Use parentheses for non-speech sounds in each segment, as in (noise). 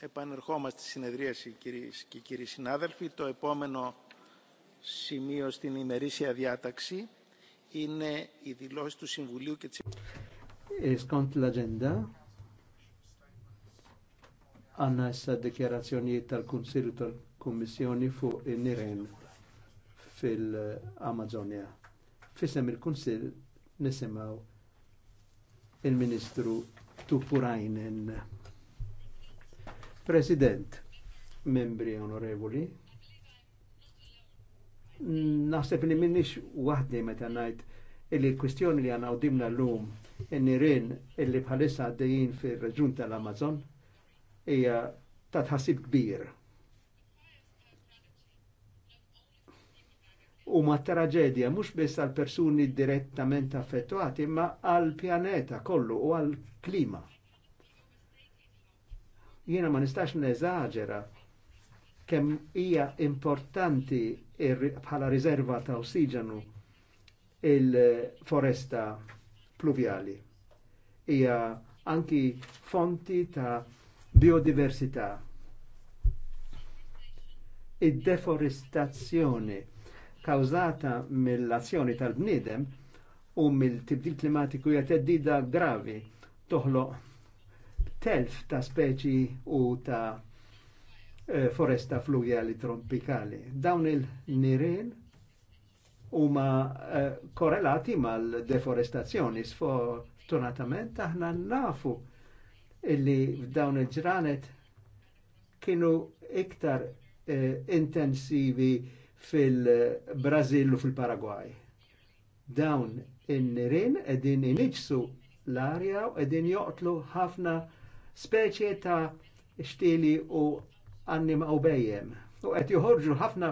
επανερχόμαστε στη συνεδρίαση κυρίες και κύριοι συνάδελφοι. Το επόμενο σημείο στην ημερήσια διάταξη είναι η δηλώση του Συμβουλίου και της Skont l-agenda, għanna issa dikjarazzjonijiet tal-Kunsilju tal-Kummissjoni fuq in-niren il President, membri onorevoli, naħseb li minnix wahdi meta ngħid illi l-kwistjoni li għanna għodimna l-lum n-nirin illi bħalissa għaddejjin fir reġun tal-Amazon hija ta' tħassib kbir. U ma traġedja mhux biss għal persuni direttament affettwati, ma għal pjaneta kollu u għal klima. Jiena ma nistax neżaġera kemm hija importanti bħala riserva ta' ossiġenu il-foresta pluvjali. Hija anki fonti ta' biodiversità. Id-deforestazzjoni kawżata mill-azzjoni tal-bniedem u mill-tibdil klimatiku jgħat gravi toħloq telf ta' speċi u ta' eh, foresta flujali tropikali. Dawn il-nirin ma eh, korrelati mal-deforestazzjoni. Sfortunatament aħna nafu illi f'dawn il-ġranet kienu iktar eh, intensivi fil-Brazil u fil-Paraguay. Dawn in-nirin edin iniġsu l-arja u edin joqtlu ħafna speċi ta' xtili u annim u bejjem. U qed joħorġu ħafna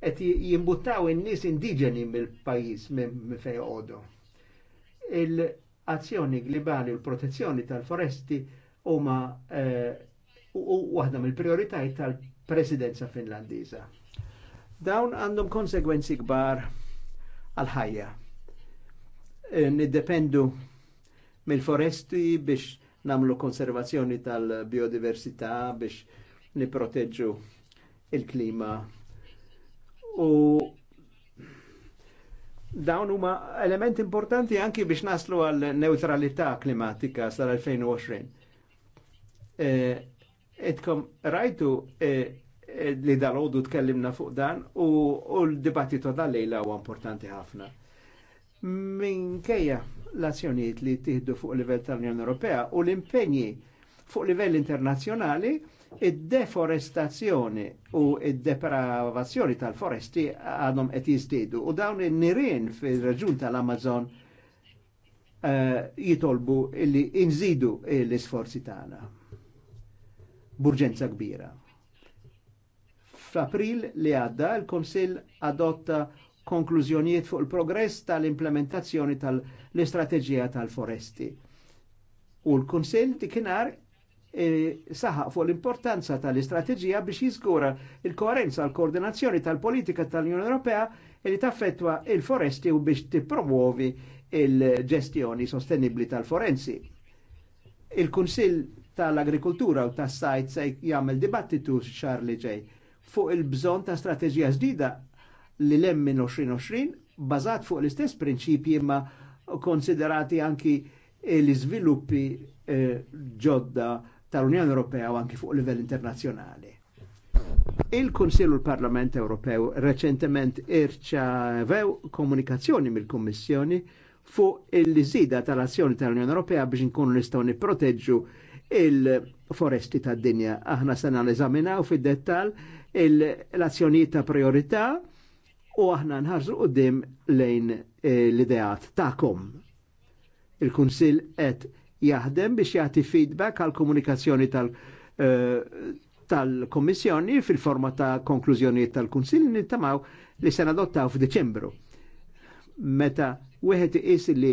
qed jimbuttaw in-nies indiġeni mill-pajjiż minn fejn għodu. Il-azzjoni globali u l-protezzjoni tal-foresti huma eh, waħda mill-prioritajiet tal-Presidenza Finlandiża. Dawn għandhom konsegwenzi kbar għal-ħajja. Eh, niddependu mill-foresti biex namlu konservazzjoni tal-biodiversità biex niproteġġu il-klima. U dawn huma element importanti anki biex naslu għal neutralità klimatika sal-2020. E, etkom rajtu e, e, li dal-ħodu tkellimna fuq dan u, l-dibattito dal-lejla u importanti ħafna. Minkejja l-azzjonijiet li tiħdu fuq livell tal-Unjoni Ewropea u l impegni fuq livell internazzjonali id-deforestazzjoni u id-depravazzjoni tal-foresti għadhom qed jistiedu u dawn in-nirien fir raġun tal-Amazon uh, jitolbu li inżidu l-isforzi tagħna. Burġenza kbira. F'April li għadda l-Konsill adotta konklużjonijiet fuq il-progress tal-implementazzjoni tal-istrateġija tal-foresti. U l-Kunsill dikinar e, saħaq fuq l-importanza tal-istrateġija biex jiżgura il-koerenza l-koordinazzjoni tal-politika tal-Unjoni Ewropea li taffetwa il-foresti u biex tippromuovi il-ġestjoni sostenibli tal-forensi. Il-Kunsill tal-Agrikultura u tas-sajt se jagħmel dibattitu xar li ġej fuq il-bżon ta' strateġija ġdida li lem minn 2020 bazat fuq l-istess prinċipji ma konsiderati anki eh, l izviluppi eh, ġodda tal-Unjoni Ewropea u anki fuq livell internazzjonali. Il-Konsilu l-Parlament Ewropew reċentement irċavew komunikazzjoni mill-Kommissjoni fuq il liżida tal-azzjoni tal-Unjoni Ewropea biex nkunu nistgħu nipproteġġu il-foresti tad-dinja. Aħna se eżaminaw fid-dettal l-azzjonijiet ta' priorità u aħna nħarżu qoddim lejn eh, l-ideat ta'kom. Il-Kunsil qed jaħdem biex jagħti feedback għal komunikazzjoni tal- eh, tal fil-forma ta' konklużjonijiet tal-Kunsil nittamaw li se nadottaw f'Deċembru. Meta wieħed iqis li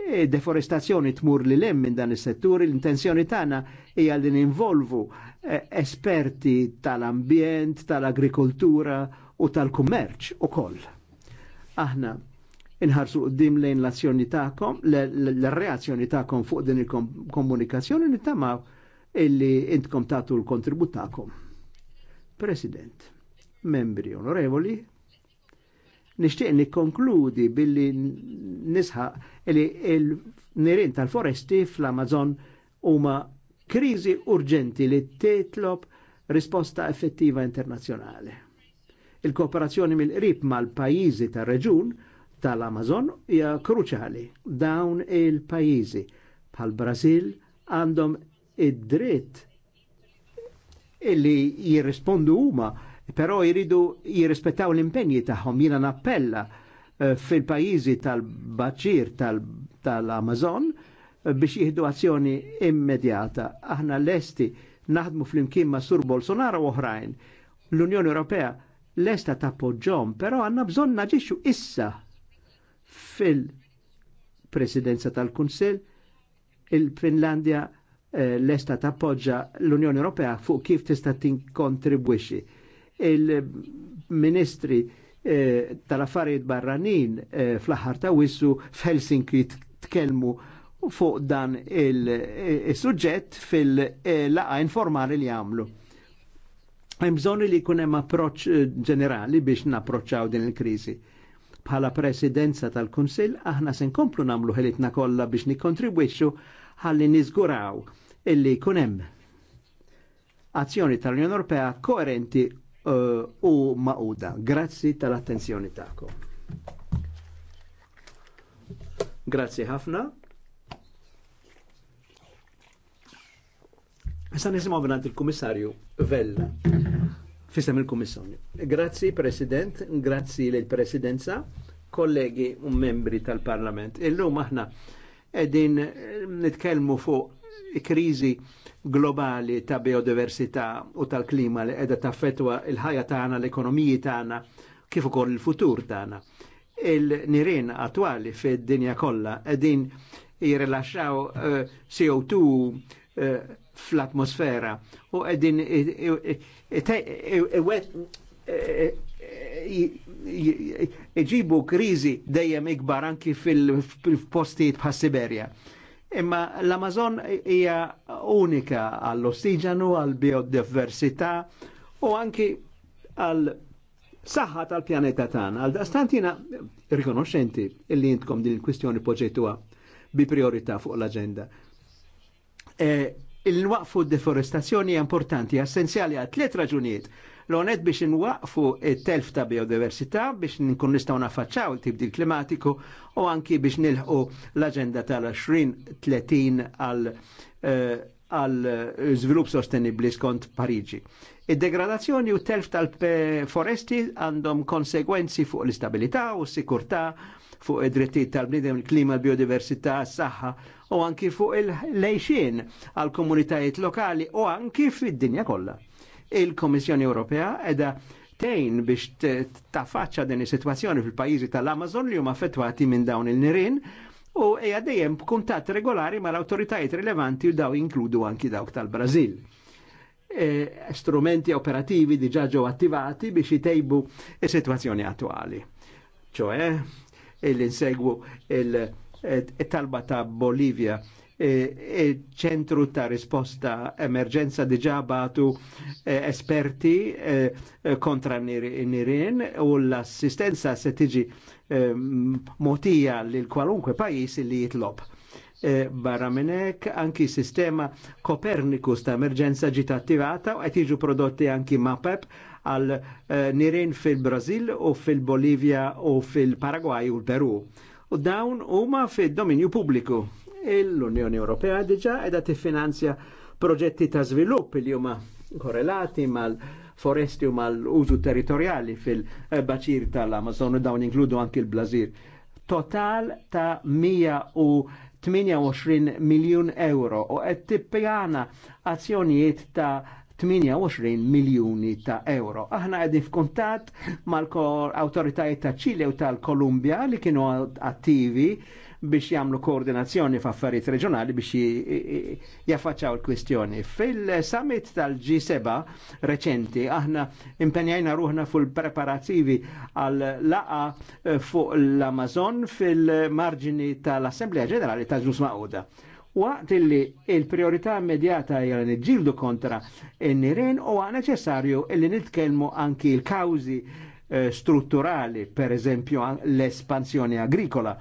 eh, deforestazzjoni tmur li lem minn dan is-settur, l-intenzjoni tagħna hija li ninvolvu esperti tal-ambjent, tal-agrikoltura, tal tal ambjent tal agrikoltura u tal-kummerċ ukoll. Aħna inħarsu qoddim lejn l-azzjoni tagħkom, l-reazzjoni tagħkom fuq din il-komunikazzjoni nittamaw illi intkom tagħtu l-kontribut tagħkom. President, membri onorevoli, nixtieq nikkonkludi billi nisħaq li l-nirin tal-foresti fl-Amazon huma kriżi urġenti li titlob risposta effettiva internazzjonali Il-kooperazzjoni mill-qrib mal-pajjiżi tar-reġun tal-Amazon hija kruċjali. Dawn il-pajjiżi bħal Brażil għandhom id-dritt illi jirrispondu huma, però jridu jirrispettaw l-impenji tagħhom. Jiena nappella eh, fil-pajjiżi tal-Baċir tal-Amazon eh, biex jihdu azzjoni immedjata. Aħna lesti naħdmu fl-imkien ma' Sur Bolsonaro u oħrajn. L-Unjoni Ewropea lesta tappoġġhom, però għandna bżonn naġixxu issa fil-Presidenza tal-Kunsill il-Finlandja eh, lesta tappoġġa l-Unjoni Ewropea fuq kif tista' tinkontribwixxi. Il-Ministri eh, tal-Affarijiet Barranin eh, fl-aħħar ta' wissu f'Helsinki tkellmu fuq dan il-suġġett fil-laqa informali li għamlu. Hemm bżonn li jkun hemm approċċ eh, ġenerali biex napproċċaw din il-kriżi. Bħala presidenza tal-Kunsill aħna se nkomplu nagħmlu ħelitna kollha biex nikkontribwixxu ħalli niżguraw illi jkun hemm azzjoni tal-Unjoni Ewropea koerenti eh, u maquda. Grazzi tal-attenzjoni tagħkom. Grazzi ħafna. Issa nisimaw mingħand il-Kummissarju Vella fisem il-Kummissjoni. Grazzi President, grazzi lill presidenza kollegi u membri tal-Parlament. Illum aħna qegħdin eh, nitkellmu fuq kriżi globali ta' biodiversità u tal-klima li qiegħda taffetwa il-ħajja tagħna, l-ekonomiji tagħna, kif ukoll il-futur tagħna. Il-nirien attwali fid-dinja kollha qegħdin jirrilaxxaw uh, eh, CO2 uh, fl-atmosfera u għedin iġibu krizi dejjem ikbar anki fil-postijiet bħas Siberja. Imma l-Amazon hija unika għall-ossiġenu, għall-biodiversità u anki għall saħħa tal-pjaneta tagħna. Għal dastantina rikonoxxenti illi intkom din il-kwistjoni poġġettuha bi priorità fuq l-aġenda. E, il-nwaqfu deforestazzjoni importanti, essenzjali għal tliet raġunijiet. L-onet biex nwaqfu telf ta' biodiversità, biex nkun nistgħu nafacċaw il-tibdil klimatiku u anki biex nilħu l-aġenda tal-2030 għal eh, għal żvilupp sostenibbli skont Pariġi. Id-degradazzjoni u telf tal-foresti eh, għandhom konsegwenzi fuq l-istabilità u s-sikurtà fuq id-drittijiet tal-bniedem, il-klima, l-biodiversità, s-saħħa u anki fuq il-lejxin għal komunitajiet lokali u anki fid-dinja kollha. Il-Komissjoni Ewropea edha tejn biex tafaċċa din is-sitwazzjoni fil-pajjiżi tal-Amazon li huma affettwati minn dawn il nirin u hija dejjem kuntatt regolari mal-awtoritajiet rilevanti u daw inkludu anki dawk tal-Brażil. E, strumenti operativi diġa ġew attivati biex jtejbu is-sitwazzjoni attwali. Ċoe, illi nsegwu il-talba ta' Bolivia e, e, ċentru ta' risposta emerġenza diġa batu e, esperti kontra nirin u l-assistenza se tiġi motija li l kwalunkwe pajis li jitlob. Barra minnek anki sistema Copernicus ta' emerġenza ġita attivata u għetiġu prodotti anki MAPEP għal eh, nirin fil-Brazil u fil bolivia u fil paraguay u l-Peru. U dawn huma fid-dominju publiku. L-Unjoni Ewropea diġa edha tiffinanzja proġetti ta' svilupp li huma korrelati mal-foresti u mal-użu territoriali fil-baċir tal-Amazon u dawn inkludu anki l-Blazir. Total ta' 128 miljon euro u għed tippjana azzjonijiet ta' 28 miljuni ta' euro. Aħna għedin f'kontat mal-autoritajiet ta' Ċile u tal-Kolumbja li kienu attivi biex jagħmlu koordinazzjoni f'affarijiet reġjonali biex jaffaċċaw il-kwistjoni. Fil-summit tal-G7 reċenti aħna impenjajna ruħna fil-preparativi għal laqa eh, fuq l-Amazon fil-marġini tal-Assemblea Ġenerali ta' Ġus Mauda Waqt illi il-priorità immedjata hija li niġġieldu kontra n-nirien huwa neċessarju illi nitkellmu anki l-kawżi eh, strutturali, per eżempju l-espansjoni agrikola.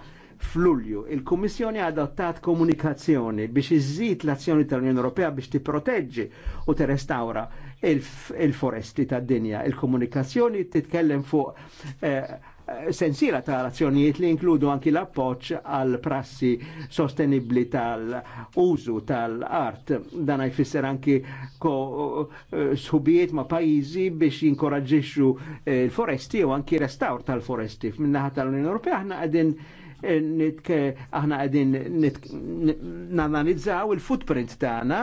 F'Lulju, il-Kummissjoni ha adottat komunikazzjoni biex iżżid l-azzjoni tal-Unjoni Ewropea biex tipproteġġi u tirrestawra il-foresti tad-dinja. Il-komunikazzjoni titkellem fuq eh, Eh, sensiela ta' razzjonijiet li inkludu anki l-appoċ għal prassi sostenibli tal-użu tal-art. Dan jfisser anki ko eh, sħubiet ma' pajizi biex jinkoraġġixxu eh, l-foresti u anki restaur tal-foresti. Minnaħa tal-Unjoni Ewropea aħna għadin aħna għadin nanalizzaw il-footprint tagħna,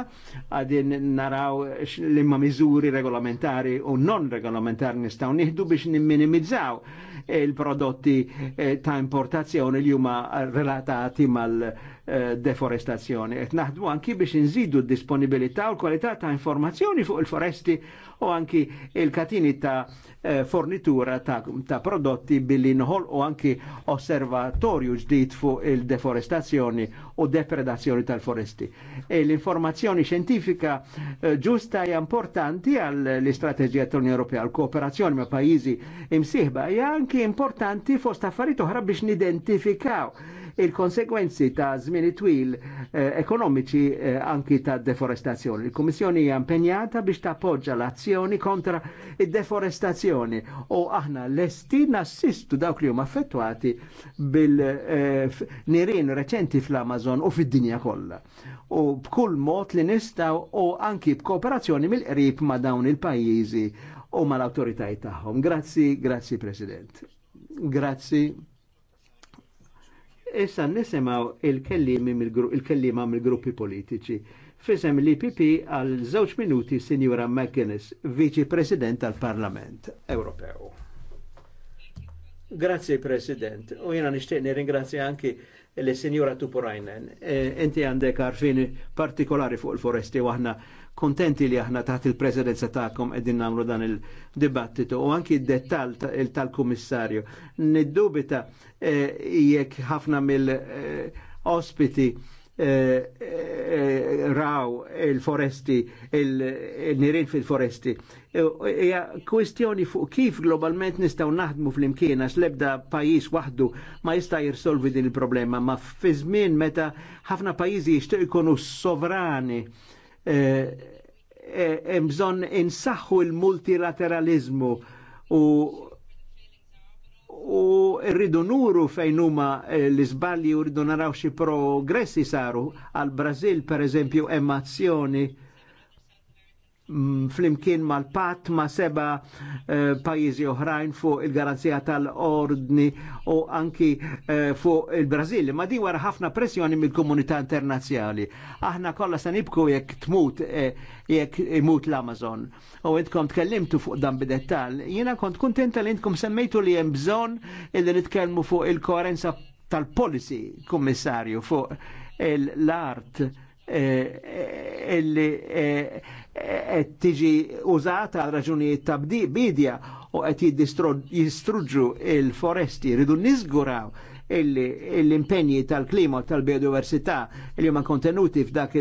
għadin naraw l-imma miżuri regolamentari u non regolamentari nistaw nieħdu biex nimminimizzaw il-prodotti eh, ta' importazzjoni li huma relatati mal- Eh, deforestazzjoni. Et naħdu anki biex nżidu disponibilità u l-kwalità ta' informazzjoni fuq il-foresti u anki il-katini ta' eh, fornitura ta', ta prodotti billi nħol u anki osservatorju ġdid fuq il-deforestazzjoni u depredazzjoni tal-foresti. E L-informazzjoni xjentifika eh, ġusta hija e importanti għall-istrateġija tal-Unjoni Ewropea, l-kooperazzjoni ma' pajjiżi imsieħba hija anki importanti fost affarijiet oħra biex nidentifikaw il-konsekwenzi ta' żmieni twil eh, ekonomiċi eh, anki ta' deforestazzjoni. Il-Kummissjoni hija impenjata biex tappoġġa l-azzjoni kontra id-deforestazzjoni u aħna lesti nassistu dawk li huma affettwati bil-nirien eh, reċenti fl-Amazon u fid-dinja kollha. U b'kull mod li nista' u anki b'kooperazzjoni mill-qrib ma' dawn il-pajjiżi u mal-autoritajiet tagħhom. Grazzi, grazzi President. Grazzi. Issa nisimaw il-kellima il mill-gruppi politiċi. Fisem l-IPP għal żewġ minuti Sinjura McGuinness, Viċi President tal-Parlament Ewropew. Grazie President, u jena nishtiq ringrazzja anki l-Sinjura Tupurajnen. E, inti għandek għarfini partikolari fuq il-foresti waħna kontenti li aħna taħt il-presidenza tagħkom qegħdin nagħmlu dan il-dibattitu u anki il dettal tal-kummissarju. Niddubita eh, jekk ħafna mill-ospiti eh, eh, raw il-foresti, il-nirin fil-foresti. Hija kwistjoni fuq kif globalment nistgħu naħdmu fl imkiena s lebda pajjiż waħdu ma jista' jirsolvi din il-problema, ma fi żmien meta ħafna pajjiżi jishtu ikonu sovrani Eh, eh, hemm bżonn insaħħu l-multilateralizmu u u rridu nuru fejn huma eh, l-iżbalji u rridu naraw xi progressi saru għal Brażil pereżempju eżempju emazzjoni Mm, flimkien mal-pat ma' seba eh, pajizi oħrajn fuq il-garanzija tal-ordni u anki eh, fuq il-Brazil. Ma di wara ħafna pressjoni mill-komunità internazzjali. Aħna kollha se nibku jekk tmut eh, jekk imut l-Amazon. U intkom tkellimtu fuq dan bidettal. Jiena kont kontenta li intkom semmejtu li hemm bżonn illi nitkellmu fuq il-koerenza tal-policy, kummissarju, fuq l-art Eh, illi qed eh, eh, tiġi użata għal raġunijiet ta' bidja u qed jistruġġu il-foresti ridu nizguraw l-impenji tal-klima tal-biodiversità li huma kontenuti f'dak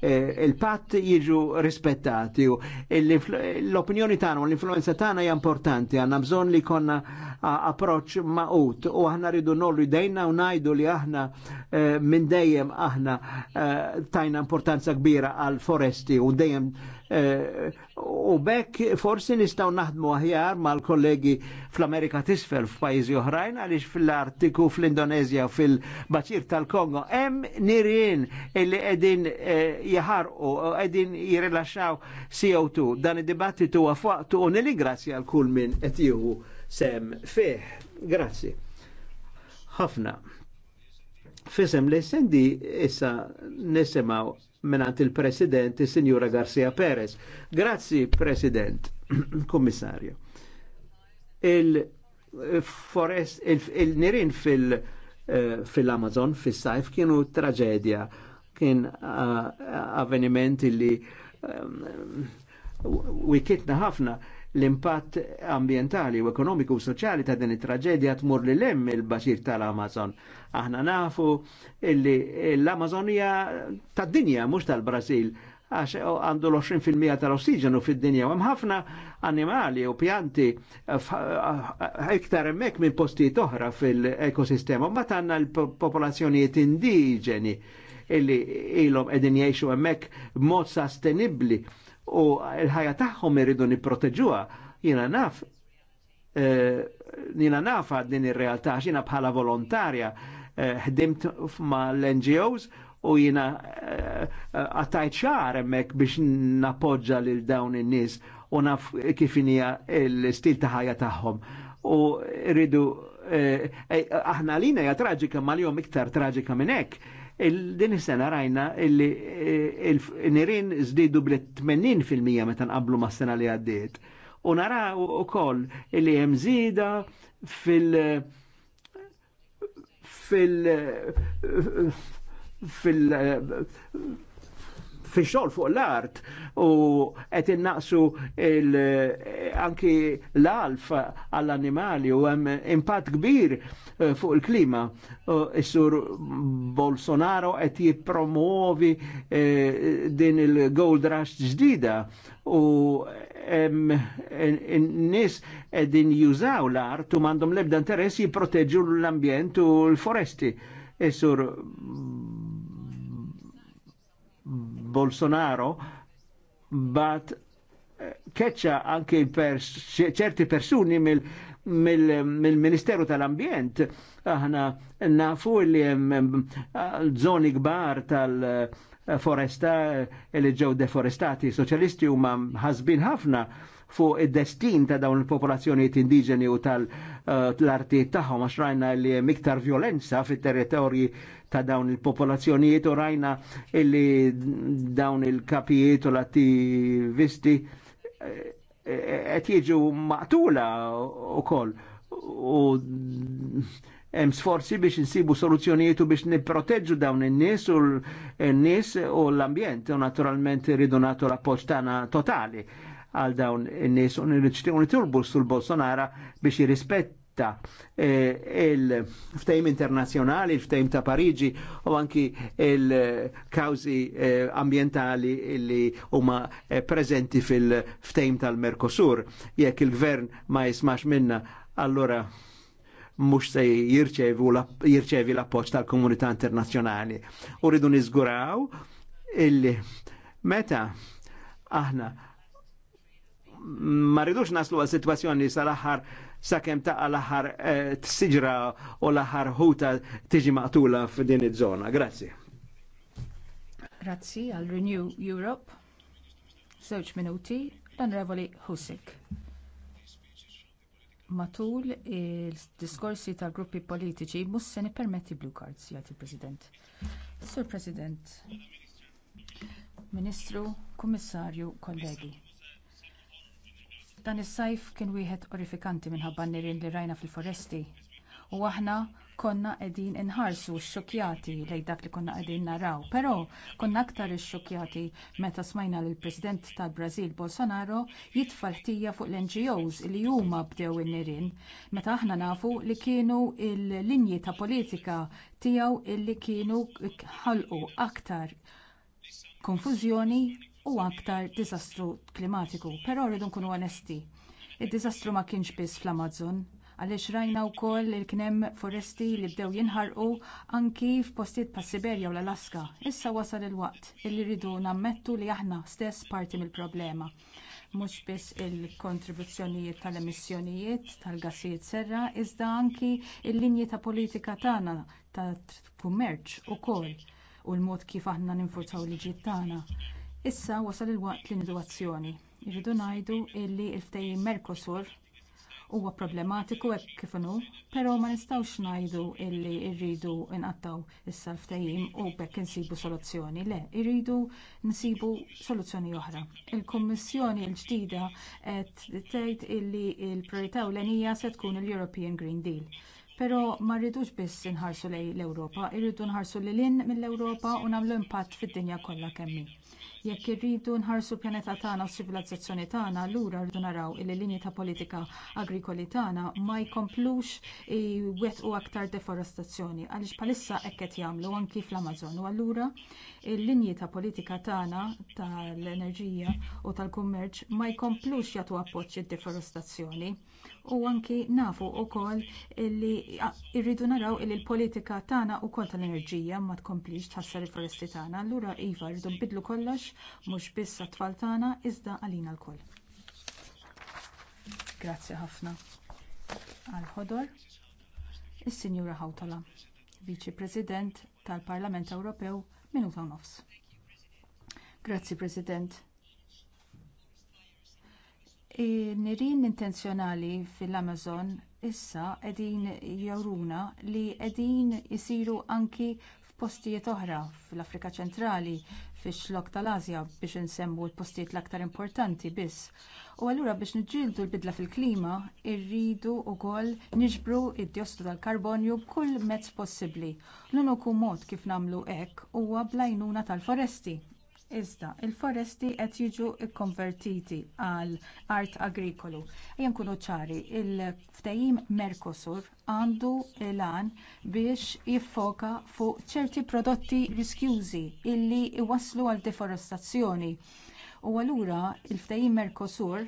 eh, il-patt jiġu rispettati. L-opinjoni tagħna u l-influenza tagħna hija importanti, għandna bżonn li konna approċċ maqut u aħna rridu nollu dejna u ngħidu li aħna eh, minn dejjem aħna eh, tajna importanza kbira għal foresti u dejjem Eh, u bekk forsi nistaw naħdmu aħjar mal-kollegi fl-Amerika tisfel f'pajjiżi oħrajn għaliex fil-Artiku, fl-Indonezja, fil-Baċir tal-Kongo hemm nirien illi qegħdin eh, jaħarqu qegħdin jirilaxxaw CO2. Dan id-dibattitu huwa faqtu u nili grazzi għal kull min qed sem fih. Grazzi. Ħafna. Fisem li sendi issa nisimaw menant il-President, il-Sinjura Garcia Perez. Grazzi, President, (clears throat) Kommissarju. Il-forest, eh, il-nirin fil- eh, fil-Amazon, fil-sajf, kienu tragedja, kien eh, avvenimenti li ehm, wikitna ħafna L-impatt ambientali u ekonomiku u soċjali ta' din it-traġedja tmur li lem il-baxir tal-Amazon. Aħna nafu illi l-Amazon hija tad-dinja mhux tal brażil għax għandu l-20% tal-ossiġenu fid-dinja u ħafna animali u pjanti iktar emmek minn postijiet oħra fil-ekosistema. Ma tanna l-popolazzjonijiet indiġeni illi ilhom qegħdin jgħixu hemmhekk b'mod sostenibbli u il ħajja tagħhom irridu nipproteġuha. Jiena naf nina eh, nafa din ir-realtà xina bħala volontarja eh, ħdimt ma l-NGOs u jina eh, għattajt xar emmek biex napoġġa lil dawn in nis u naf kif hija l-istil ta' ħajja tagħhom. U rridu aħna lina hija traġika mal-jom iktar traġika minn Din is-sena rajna li e, il-nirin żdiedu bl-80% meta nqablu ma' sena li għaddiet. U naraw ukoll li hemm żieda fil- fil fil fi xol fuq l-art u qed innaqsu anki l-alf għall animali u għem impatt kbir eh, fuq il-klima. Eh, is-sur Bolsonaro għet jipromuovi eh, din il-gold rush ġdida u n-nis din jużaw l-art u mandom lebda interess jiproteġu l-ambjent u l-foresti. Essur Bolsonaro bat eh, keċċa anke ċerti pers persuni mill mill-Ministeru mil tal-Ambjent aħna nafu li hemm żoni eh, kbar tal- foresta li ġew deforestati. Soċjalisti huma ħasbin ħafna fuq id-destin ta' dawn il-popolazzjonijiet indiġeni u tal-artijiet eh, tagħhom għax rajna li miktar violenza fit-territorji ta' dawn il-popolazzjonijiet u rajna illi dawn il-kapijiet u l-attivisti eh, eh, qed jiġu maqtula wkoll u hemm sforzi biex insibu soluzzjonijiet u biex nipproteġġu dawn in-nies u n-nies u l-ambjent u naturalment irridu nagħtu l-appoġġ tagħna totali għal dawn in-nies u nirriċtiju nitulbu sul Bolsonara biex jirrispetta eh, il-ftejm internazjonali, il-ftejm ta' Pariġi u anki il-kawzi eh, ambientali li huma eh, prezenti fil-ftejm tal-Merkosur. Jekk il-gvern ma jismax minna, allora mux se jirċevi l-appoċ tal-komunità internazjonali. U rridu nizguraw illi meta aħna ma rridux naslu għal situazzjoni sal-aħħar sakemm ta' l-aħħar eh, t-siġra u l-aħħar ħuta tiġi maqtula f'din iż-żona. Grazzi. Grazzi għal Renew Europe. Żewġ minuti, l-Onorevoli Husik matul il-diskorsi tal-gruppi politiċi mhux se nippermetti blue cards jagħti il-President. Sur President, Ministru, Kummissarju, kollegi. Dan is-sajf kien wieħed orifikanti minħabba n-nirien li rajna fil-foresti u aħna konna qegħdin inħarsu xokjati lejn dak li konna qegħdin naraw. Però konna aktar xokjati meta smajna lill president tal-Brażil Bolsonaro jitfa' ħtija fuq l-NGOs li huma bdew in-nirien meta aħna nafu li kienu l linji ta' politika tiegħu illi kienu ħalqu aktar konfużjoni u aktar diżastru klimatiku. Però rridu nkunu onesti. Id-diżastru ma kienx biss fl-Amazon, għaliex rajna wkoll il kien foresti li bdew jinħarqu anki f'postijiet pa' Siberja u l-Alaska. Issa wasal il-waqt li rridu nammettu li aħna stess parti mill-problema. Mhux biss il-kontribuzzjonijiet tal-emissjonijiet tal-gassijiet serra, iżda anki il-linji ta' politika tagħna ta' kummerċ ukoll u l-mod kif aħna ninfurzaw liġijiet tagħna. Issa wasal il-waqt l-individuazzjoni. Irridu ngħidu li l-ftehim Mercosur huwa problematiku hekk kif inhu, però ma nistgħux ngħidu li rridu nqattaw is l-ftehim u bekk insibu soluzzjoni. Le, irridu nsibu soluzzjoni oħra. Il-Kummissjoni l-ġdida qed tgħid illi l prijorità ewlenija se tkun il-European Green Deal. Pero ma rridux biss inħarsu lejn l-Ewropa, irridu nħarsu lil hinn mill-Ewropa u nagħmlu impatt fid-dinja kollha kemm hi Jekk irridu nħarsu l-pjaneta tagħna u s-sivilizzazzjoni tagħna, allura rridu naraw li linji ta' politika agrikoli tagħna ma jkomplux wettqu aktar deforestazzjoni għaliex bħalissa hekk qed jagħmlu anki fl-Amazon. U allura l-linji ta' politika tagħna tal-enerġija u tal-kummerċ ma jkomplux jagħtu appoġġ id-deforestazzjoni u anki nafu wkoll li rridu naraw li l-politika tagħna wkoll tal-enerġija ma tkomplix tħassar il-foresti tagħna. Allura iva rridu bidlu kollox mhux biss għat-tfal tagħna iżda għalina lkoll. Grazzi ħafna għal ħodor is-Sinjura Hawtala, Viċi President tal-Parlament Ewropew minuta u nofs. Grazzi President nirien intenzjonali fil-amazon issa qegħdin juruna li qegħdin isiru anki f'postijiet oħra fl-afrika ċentrali fix-xlokk tal-asja biex insemmu l-postijiet l-aktar importanti biss u allura biex niġġieldu l-bidla fil-klima rridu wkoll niġbru d-dijossidu tal-karbonju b'kull mezz possibbli l-uniku mod kif nagħmlu hekk huwa bl-għajnuna tal-foresti Iżda, il-foresti qed jiġu kkonvertiti għal art agrikolu. Ejja nkunu ċari, il-ftehim Mercosur għandu lan biex jiffoka fuq ċerti prodotti riskjużi illi iwasslu għal deforestazzjoni. U allura l ftehim Mercosur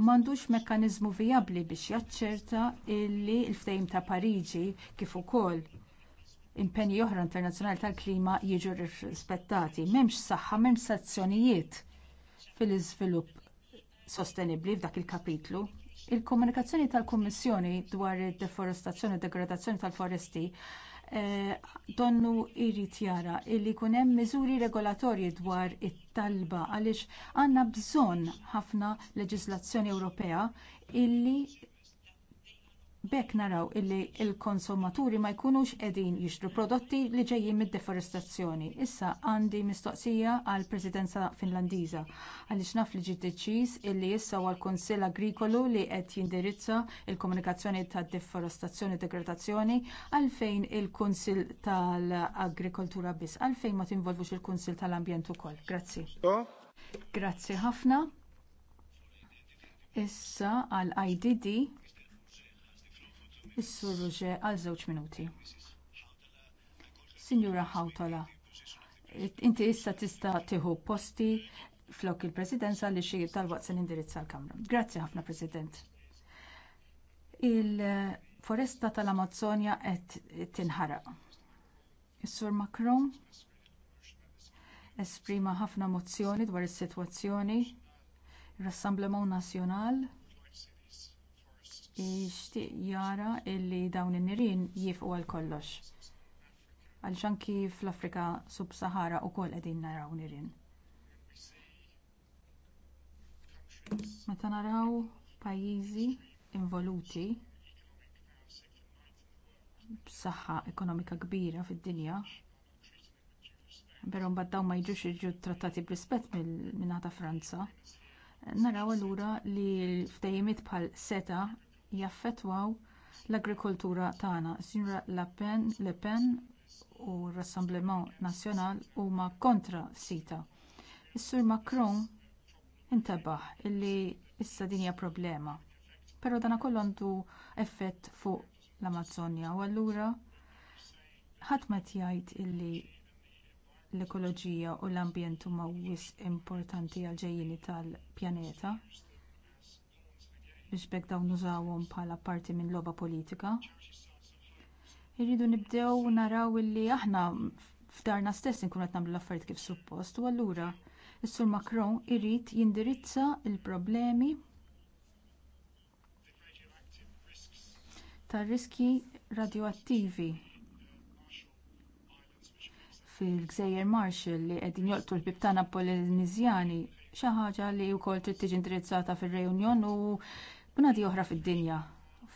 m'għandux mekkaniżmu vijabbli biex jaċċerta illi l-ftehim ta' Pariġi kif ukoll impenji oħra internazzjonali tal-klima jiġu rispettati. M'hemmx saħħa, m'hemmx sazzjonijiet fil-iżvilupp sostenibbli f'dak il-kapitlu. Il-komunikazzjoni tal-Kummissjoni dwar id-deforestazzjoni u degradazzjoni tal-foresti eh, donnu jrid jara illi jkun hemm miżuri regolatorji dwar it-talba għaliex għandna bżonn ħafna leġiżlazzjoni Ewropea illi B'hekk naraw illi l konsumaturi ma jkunux qegħdin jixtru prodotti li ġejjin mid-deforestazzjoni. Issa għandi mistoqsija għall presidenza Finlandiża għaliex naf li ġiet deċiż illi issa għall kunsill Agrikolu li qed jindirizza l komunikazzjoni tad deforestazzjoni u e degradazzjoni għalfejn il-Kunsill tal-Agrikoltura biss għalfejn ma tinvolvux il-Kunsill tal-Ambjent ukoll. Grazzi. Grazzi ħafna. Issa għal IDD Is-Sur Ruġe għal żewġ minuti. Sinjura Hawtola, inti issa tista' tieħu posti flok il-Presidenza li xi tal-waqt se nindirizza l-Kamra. Grazzi ħafna President. Il-foresta tal-Amazzonja qed tinħaraq. Is-Sur Macron esprima ħafna mozzjoni dwar is-sitwazzjoni. Ir-Rassemblement Nazzjonal jixtieq jara li dawn in-nirien jifqu għal kollox għaliex anki fl-Afrika subsahara wkoll qegħdin naraw nirien. Meta naraw pajjiżi involuti b'saħħa ekonomika kbira fid-dinja, però mbagħad dawn ma jiġux jiġu trattati b'rispett minn ta' Franza, naraw allura li ftehimiet bħal seta jaffettwaw l-agrikoltura tagħna. Sinjura Le Pen u r-Rassemblement Nazzjonal huma kontra sita. Is-Sur Macron intebaħ illi issa din hija problema. Però dan kollu għandu effett fuq l-Amazzonja u allura ħadd ma jgħid illi l-ekoloġija u l-ambjent huma wisq importanti għal ġejjieni tal-pjaneta biex bekk dawn nużawhom bħala parti minn logħba politika. Irridu nibdew naraw illi aħna f'darna stess inkunu qed nagħmlu l-affarijiet kif suppost u allura is-Sur Macron irid jindirizza l problemi tar-riski radioattivi fil-Gżejjer Marshall li qegħdin jolqtu l-bib tagħna Polinizjani xi ħaġa li wkoll trid tiġi indirizzata fir-Reunjon u u nadi oħra fil dinja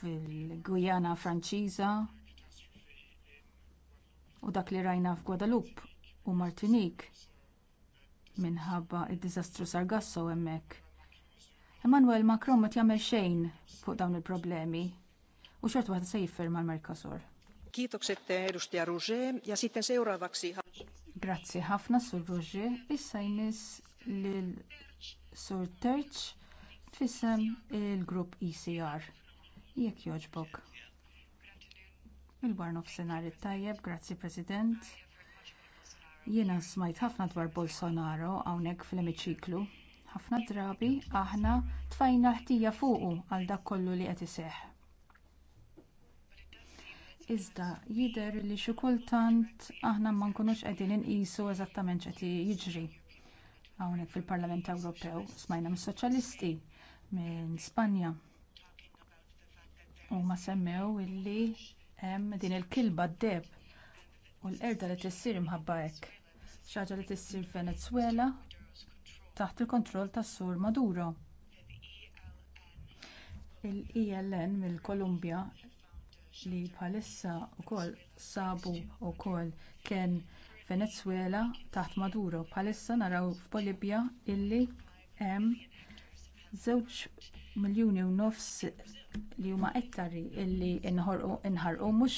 fil-Gujana Franċiża u dak li rajna f'Guadeloupe u Martinique minħabba il diżastru Sargasso hemmhekk. Emmanuel Macron ma jagħmel xejn fuq dawn il-problemi u xort waħda se jifferma l-Mercosur. Kiitokset edustaja Roger Grazzi ħafna sur Roger, issa jmiss lil sur Terċ Fissem il-grupp ECR. Jekk jogħġbok. Il-bar nofsinhar tajjeb grazzi President. Jiena smajt ħafna dwar Bolsonaro hawnhekk fl-emiċiklu. Ħafna drabi aħna tfajna ħtija fuqu għal dak kollu li qed iseħħ. Iżda jidher li xi kultant aħna ma nkunux qegħdin inqisu eżattament x'qed jiġri hawnhekk fil-Parlament Ewropew smajna mis-soċjalisti minn Spanja. Huma semmew illi hemm din il-kilba d-deb u l erda li tissir imħabba hekk. Xaġa li tissir Venezwela taħt il-kontroll tas-Sur Maduro. Il-ELN mill-Kolumbja li bħalissa wkoll sabu wkoll kien Venezwela taħt Maduro bħalissa naraw f'Bolivja illi hemm żewġ miljuni u nofs li huma ettari li nħarqu mhux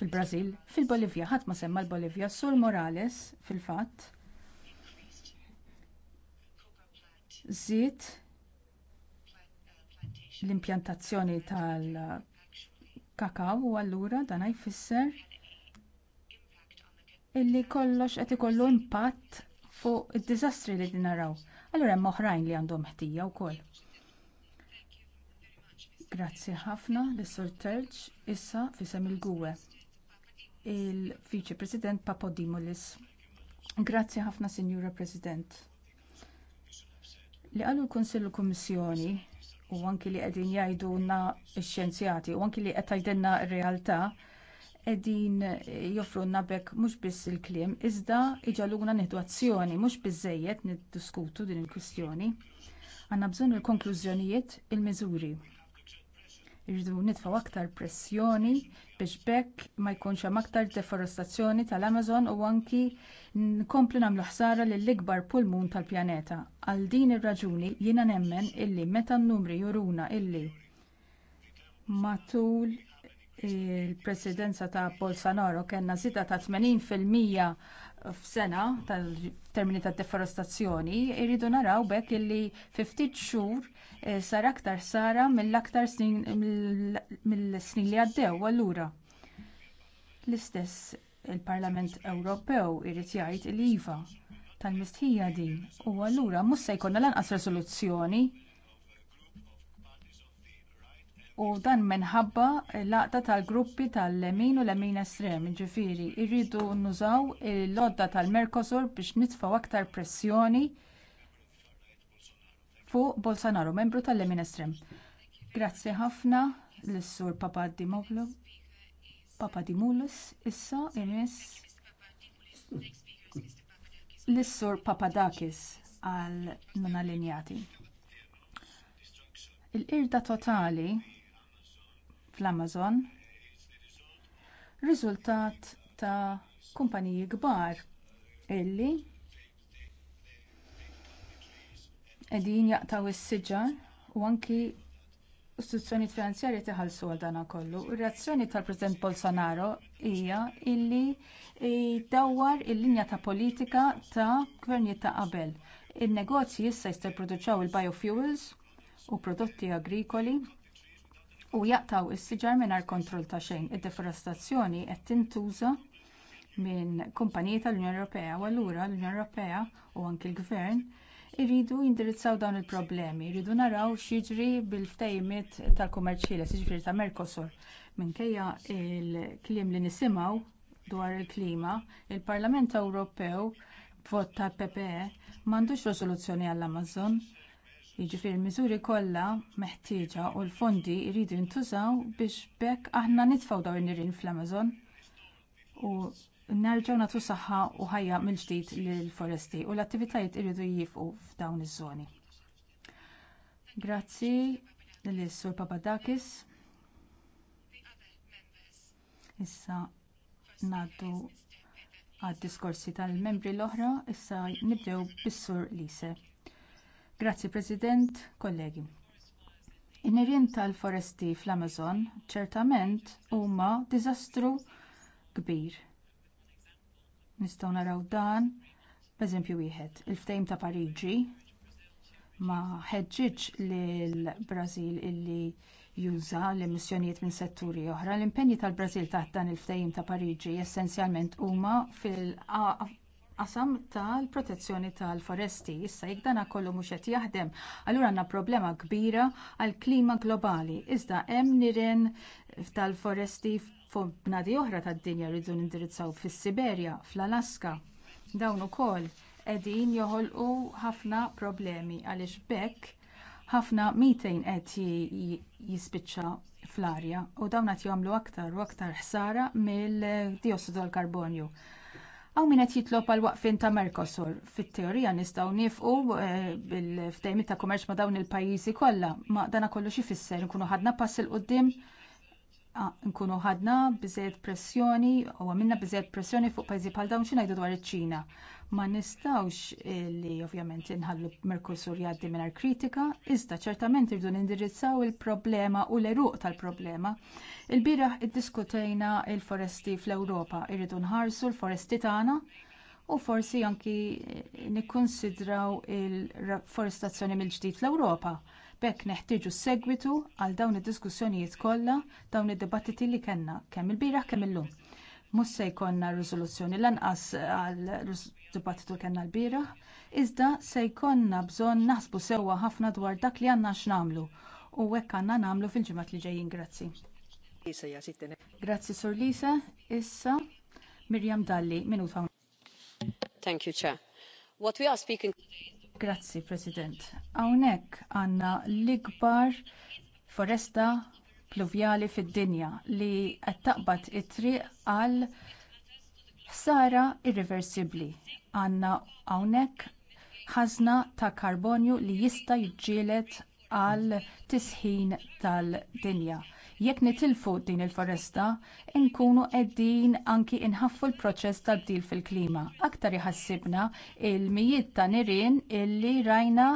fil-Brażil, fil-Bolivja, ħadd ma semma l-Bolivja, Sur Morales fil-fatt żied l-impjantazzjoni tal-kakaw u allura dan jfisser illi kollox qed ikollu impatt fuq id-diżastri li naraw allura hemm oħrajn li għandhom ħtija wkoll. Grazzi ħafna lis-Sur Terġ issa fisem il-Gwe il-Viċi President Papodimolis. Grazzi ħafna Sinjura President. Li qalu l-Kunsill u u anki li qegħdin jgħidulna x-xjenzjati u anki li qed tgħidilna r-realtà qegħdin eh, joffrunna bekk mhux biss il-kliem, iżda iġaluna nieħdu azzjoni mhux biżżejjed niddiskutu din il-kwistjoni. Għandna bżonn il-konklużjonijiet il-miżuri. Irridu nitfgħu aktar pressjoni biex bekk ma jkunx hemm aktar deforestazzjoni tal-Amazon u anki nkomplu nagħmlu ħsara lill ikbar pulmun tal-pjaneta. Għal din ir-raġuni jiena nemmen illi meta n-numri juruna illi matul il-presidenza ta' Bolsonaro kellna zida ta' 80% f'sena tal-termini ta' deforestazzjoni, irridu naraw bekk illi 50 xhur eh, sar aktar sara mill-aktar snin mill-snin li għaddew allura. L-istess il-Parlament Ewropew irid jgħid li iva tal-mistħija din u allura mhux se jkollna lanqas resoluzzjoni u dan minħabba l-għaqda tal-gruppi tal-lemin u lemin estrem, ġifiri, irridu nużaw l-odda tal-Mercosur biex nitfaw aktar pressjoni fuq Bolsonaro, membru tal-lemin estrem. Grazzi ħafna l-sur Papadimoglu. Papadimoulos, issa inis l-sur Papadakis għal non allinjati. Il-qirda totali fl-Amazon riżultat ta' kumpaniji kbar illi qegħdin jaqtaw is-siġar u anki istituzzjonijiet finanzjarji tiħallsu għal dan kollu. Ir-reazzjoni tal-President Bolsonaro hija illi jdawwar il-linja ta' politika ta' gvernijiet ta' qabel. In-negozji issa jista' jipproduċaw il-biofuels u prodotti agrikoli u jaqtaw is-siġar mingħajr kontroll ta' xejn. Id-deforestazzjoni qed tintuża minn kumpaniji tal-Unjoni Ewropea u allura l-Unjoni Ewropea u anki l-Gvern irridu jindirizzaw dawn il-problemi, irridu naraw x'jiġri bil-ftejmiet tal-kummerċ ħieles, jiġifieri ta' Mercosur. Minkejja l kliem li nisimgħu dwar il-klima, il-Parlament Ewropew b'vot tal-PPE m'għandux riżoluzzjoni għall-Amazon Jiġifieri l-miżuri kollha meħtieġa u l-fondi jridu jintużaw biex bekk aħna nitfgħu dawn in-nirien fl-Amazon u nerġgħu nagħtu saħħa u ħajja mill-ġdid lill-foresti u l-attivitajiet iridu jifqu f'dawn iż-żoni. Grazzi lis-Sur Papadakis. Issa ngħaddu għad-diskorsi tal-membri l-oħra, issa nibdew bis-Sur Lise. Grazzi President, kollegi. In-nirien tal-foresti fl-Amazon ċertament huma diżastru kbir. Nistgħu naraw dan b'eżempju wieħed, il-ftehim ta' Pariġi ma ħeġġiġ lill-Brażil illi juża l-emissjonijiet minn setturi oħra. L-impenji tal-Brażil taħt dan il-ftehim ta' Pariġi essenzjalment huma fil qasam tal-protezzjoni tal-foresti. Issa jekk dan kollu mhux qed jaħdem, allura għandna problema kbira għall klima globali. Iżda hemm nirien tal-foresti f'bnadi oħra tad-dinja rridu nindirizzaw fis-Siberja, fl-Alaska. Dawn ukoll qegħdin joħolqu ħafna problemi għaliex b'hekk ħafna mitejn qed jispiċċa fl-arja u dawn qed jagħmlu aktar u aktar ħsara mill-dijossidu tal-karbonju. Għaw minnet jitlob għal waqfin ta' Mercosur. Fit-teorija nistaw nifqu eh, bil ftejmi ta' kummerċ ma' dawn il-pajjiżi kollha, ma' dana kollu xifisser, nkunu ħadna pass il qudiem Ah, nkunu ħadna biżżejjed pressjoni u għamilna biżżejjed pressjoni fuq pajjiżi bħal dawn xi ngħidu dwar iċ-Ċina. Ma nistgħux eh, li ovvjament inħallu Merkursur jgħaddi mingħajr kritika, iżda ċertament irdu nindirizzaw il-problema u l-eruq tal-problema. Il-bieraħ iddiskutejna l foresti fl-Ewropa, irridu nħarsu l-foresti tagħna u forsi anki eh, nikkonsidraw il-forestazzjoni mill-ġdid fl-Ewropa B'hekk neħtieġu segwitu għal dawn id-diskussjonijiet kollha, dawn id-dibattiti li kellna kemm ilbieraħ kemm illum. Mhux se jkollna riżoluzzjoni lanqas għal dibattitu kellna lbieraħ, iżda se jkollna bżonn naħsbu sewwa ħafna dwar dak li għandna x'namlu u hekk għandna nagħmlu fil-ġimgħat li ġejjin grazzi. Grazzi Sur Lisa, issa Mirjam Dalli, minuta. Thank you, Chair. What we are speaking Grazzi, President. Hawnhekk għandna l-ikbar foresta pluvjali fid-dinja li qed taqbad it-triq għal ħsara irriversibbli. Għandna hawnhekk ħażna ta' karbonju li jista' jiġġieled għal tisħin tad dinja Jekk nitilfu din il-foresta, nkunu qegħdin anki inħaffu l-proċess tad dil fil-klima. Aktar iħassibna il-mijiet ta' nirien illi rajna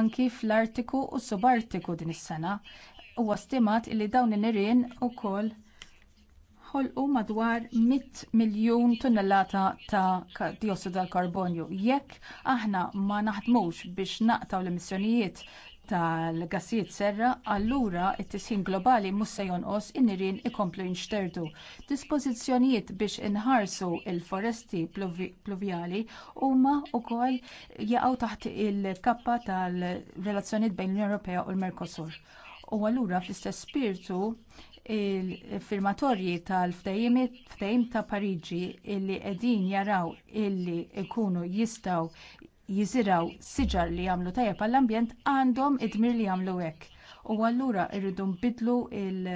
anki fl-Artiku u Subartiku din is-sena. Huwa stimat illi dawn in-nirien ukoll ħolqu madwar 100 miljun tonnellata ta' diossidu tal-karbonju. Jekk aħna ma naħdmux biex naqtaw l-emissjonijiet tal-gassijiet serra, allura t tisħin globali mhux se jonqos in-nirien ikomplu jinxterdu. Dispożizzjonijiet biex inħarsu l foresti pluvjali huma wkoll jaqgħu taħt il-kappa tal-relazzjonijiet bejn l-Unjoni Ewropea u l-Mercosur. U allura fl-istess spiritu il-firmatorji tal-ftehim ta' Pariġi illi qegħdin jaraw illi jkunu jistgħu jiżiraw siġar li jagħmlu tajjeb għall-ambjent għandhom id-dmir li jagħmlu hekk. U allura rridu nbidlu l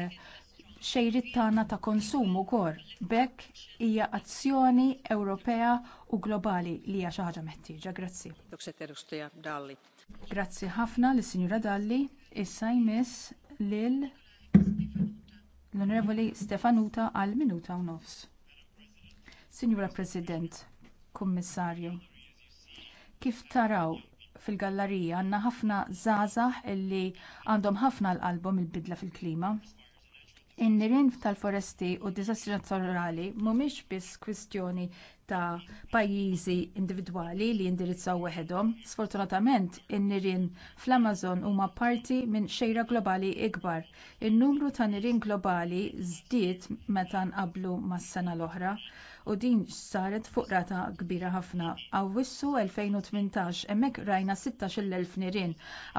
xejrit tagħna ta' konsum ukoll. B'hekk hija azzjoni Ewropea u globali li hija xi ħaġa meħtieġa. Grazzi. Grazzi ħafna lis sinjura Dalli, issa jmiss lil l-Onorevoli Stefanuta għal minuta u nofs. Signora President, Kummissarju, Kif taraw fil-gallerija għandna ħafna żgħażagħ illi għandhom ħafna l-qalbhom il-bidla fil-klima. In-nirien tal-foresti u d-diżastri naturali mhumiex biss kwistjoni ta' pajjiżi individwali li jindirizzaw weħedhom. Sfortunatament, in-nirien fl-Amazon huma parti minn xejra globali ikbar. In-numru ta' nirien globali żdied meta nqabblu mas-sena l-oħra u din saret fuq rata kbira ħafna. Awwissu 2018 hemmhekk rajna 16,000 nirien,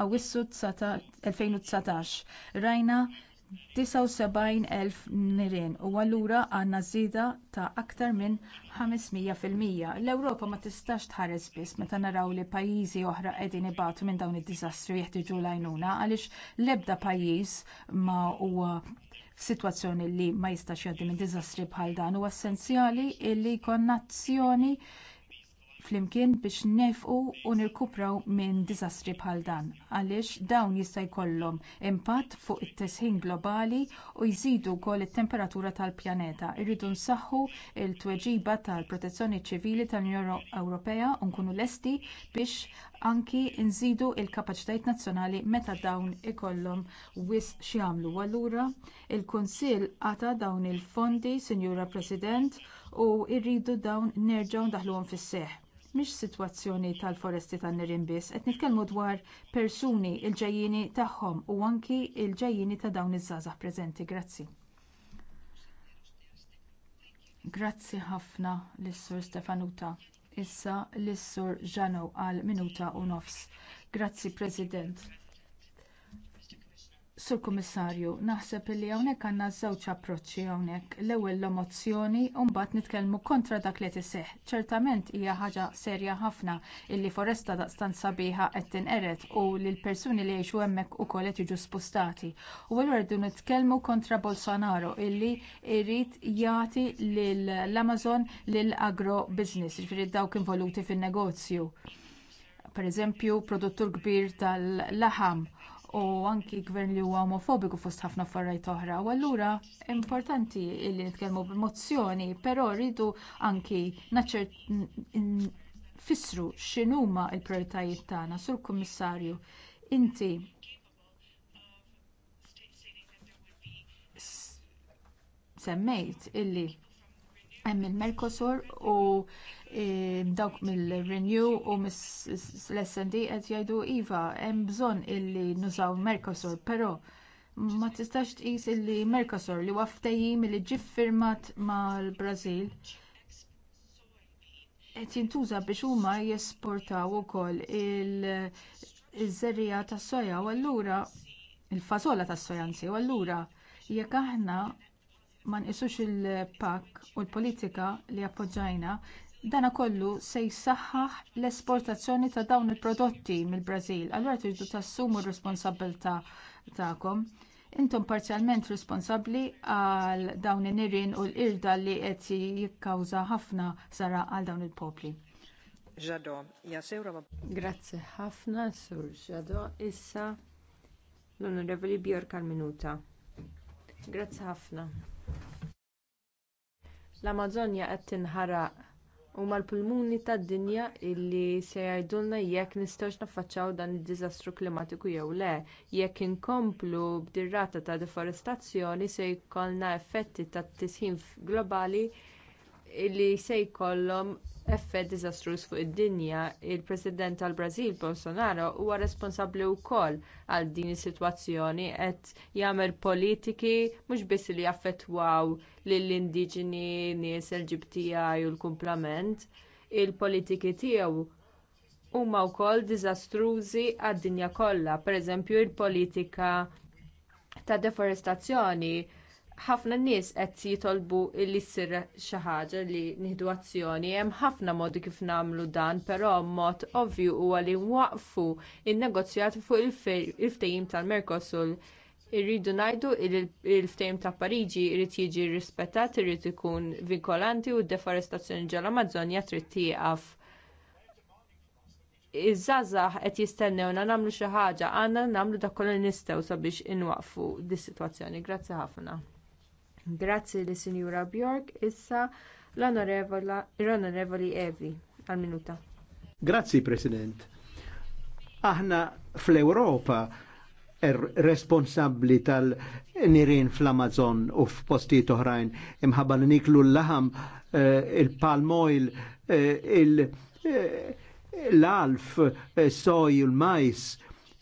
awwissu 2019 rajna 79,000 nirien u allura għandna żieda ta' aktar minn 500 fil-mija. L-Ewropa ma tistax tħares biss meta naraw li pajjiżi oħra qegħdin ibatu minn dawn id-diżastri jeħtieġu l-għajnuna għaliex l-ebda pajjiż ma huwa f'sitwazzjoni li ma jistax jgħaddi minn diżastri bħal dan huwa essenzjali li jkollna azzjoni flimkien biex nefqu u nirkupraw minn diżastri bħal dan għaliex dawn jista' jkollhom impatt fuq it-tisħin globali u jżidu wkoll it-temperatura tal-pjaneta. Irridu nsaħħu t tweġiba tal-protezzjoni ċivili tal-Unjoni Ewropea u nkunu lesti biex anki nżidu l-kapaċitajiet nazzjonali meta dawn ikollhom wisq jagħmlu. Allura il-Kunsill għata dawn il-fondi, Sinjura President, u rridu dawn nerġgħu ndaħluhom fis-seħħ mhix sitwazzjoni tal-foresti tan-nirien biss, qed nitkellmu dwar persuni il-ġejjini tagħhom u anki l ġejjini ta' dawn iż-żgħażagħ preżenti. Grazzi. Grazzi ħafna lis-Sur Stefanuta. Issa lis-Sur Ġanow għal minuta u nofs. Grazzi President Sur Kummissarju, naħseb li hawnhekk għandna żewġ approċċi hawnhekk. L-ewwel l-emozzjoni u mbagħad nitkellmu kontra dak li iseħħ. Ċertament hija ħaġa serja ħafna illi foresta daqstant sabiħa qed tinqered u li l-persuni li jgħixu hemmhekk ukoll qed jiġu spostati. U allura rridu nitkellmu kontra Bolsonaro illi jrid jagħti lill-Amazon lill-agro business, jiġifieri dawk involuti fin-negozju. Pereżempju, produttur kbir tal-laħam u anki gvern li huwa omofobiku fost ħafna affarijiet oħra. U allura importanti li nitkellmu b'mozzjoni, però rridu anki naċċert fissru x'inhuma l-prijoritajiet tagħna sur kummissarju. Inti semmejt illi hemm il-Mercosur u e, dawk mill-Renew u mill-SND qed jgħidu iva hemm bżonn illi nużaw Mercosur, però ma tistax tqis illi Mercosur li huwa ftehim li ġie ffirmat mal-Brażil qed jintuża biex huma jesportaw ukoll iż-żerriegħa tas-soja u allura il-fażola tas-soja anzi u allura jekk aħna ma nqisux il-pak u l-politika li appoġġajna dana kollu se jsaħħaħ l-esportazzjoni ta' dawn il-prodotti mill-Brażil. Allura tridu tassumu r-responsabilità tagħkom. Intom parzjalment responsabbli għal dawn in-nirien u l-irda li qed jikkawża ħafna sara għal dawn il-popli. Ġado, jasewra Grazzi ħafna, Sur Ġado. Issa l-Onorevoli Bjork minuta. Grazzi ħafna l-amazonja qed tinħaraq huma l-pulmuni tad-dinja li se jgħidulna jekk nistgħux naffaċċjaw dan id-diżastru klimatiku jew le jekk inkomplu b'din rata ta' deforestazzjoni se jkollna effetti tat tisħin globali li se jkollhom effett diżastruż fuq id-dinja il-president tal-brażil bolsonaro huwa responsabbli wkoll għal din is-sitwazzjoni qed jagħmel politiki mhux biss li jaffettwaw lill-indiġeni nies lgbti u l-kumplament il-politiki tiegħu huma wkoll diżastrużi għad-dinja kollha pereżempju l politika ta' deforestazzjoni ħafna nies qed jitolbu li ssir xi ħaġa li nieħdu azzjoni hemm ħafna modi kif nagħmlu dan, però mod ovvju huwa li nwaqfu n-negozjati fuq il-ftehim tal-Mercosul irridu ngħidu li l-ftehim ta' Pariġi jrid jiġi rrispettat, irid ikun vinkolanti u d-deforestazzjoni ġol-Amazzonja trid tieqaf. Iż-żgħażagħ qed jistennewna nagħmlu xi ħaġa, għandna nagħmlu dak kollu nistgħu sabiex inwaqfu dis-sitwazzjoni. Grazzi ħafna. Grazzi li Sinjura Bjork, issa l-Onorevoli Evi għal-minuta. Grazzi, President. Aħna fl-Europa er responsabli tal-nirin fl-Amazon u f'postijiet oħrajn imħabba li niklu l-laħam eh, il-palm oil il-alf, il-soj, il-majs. il palm eh, oil il alf eh, soju soj il il palm oil il alf il soj il majs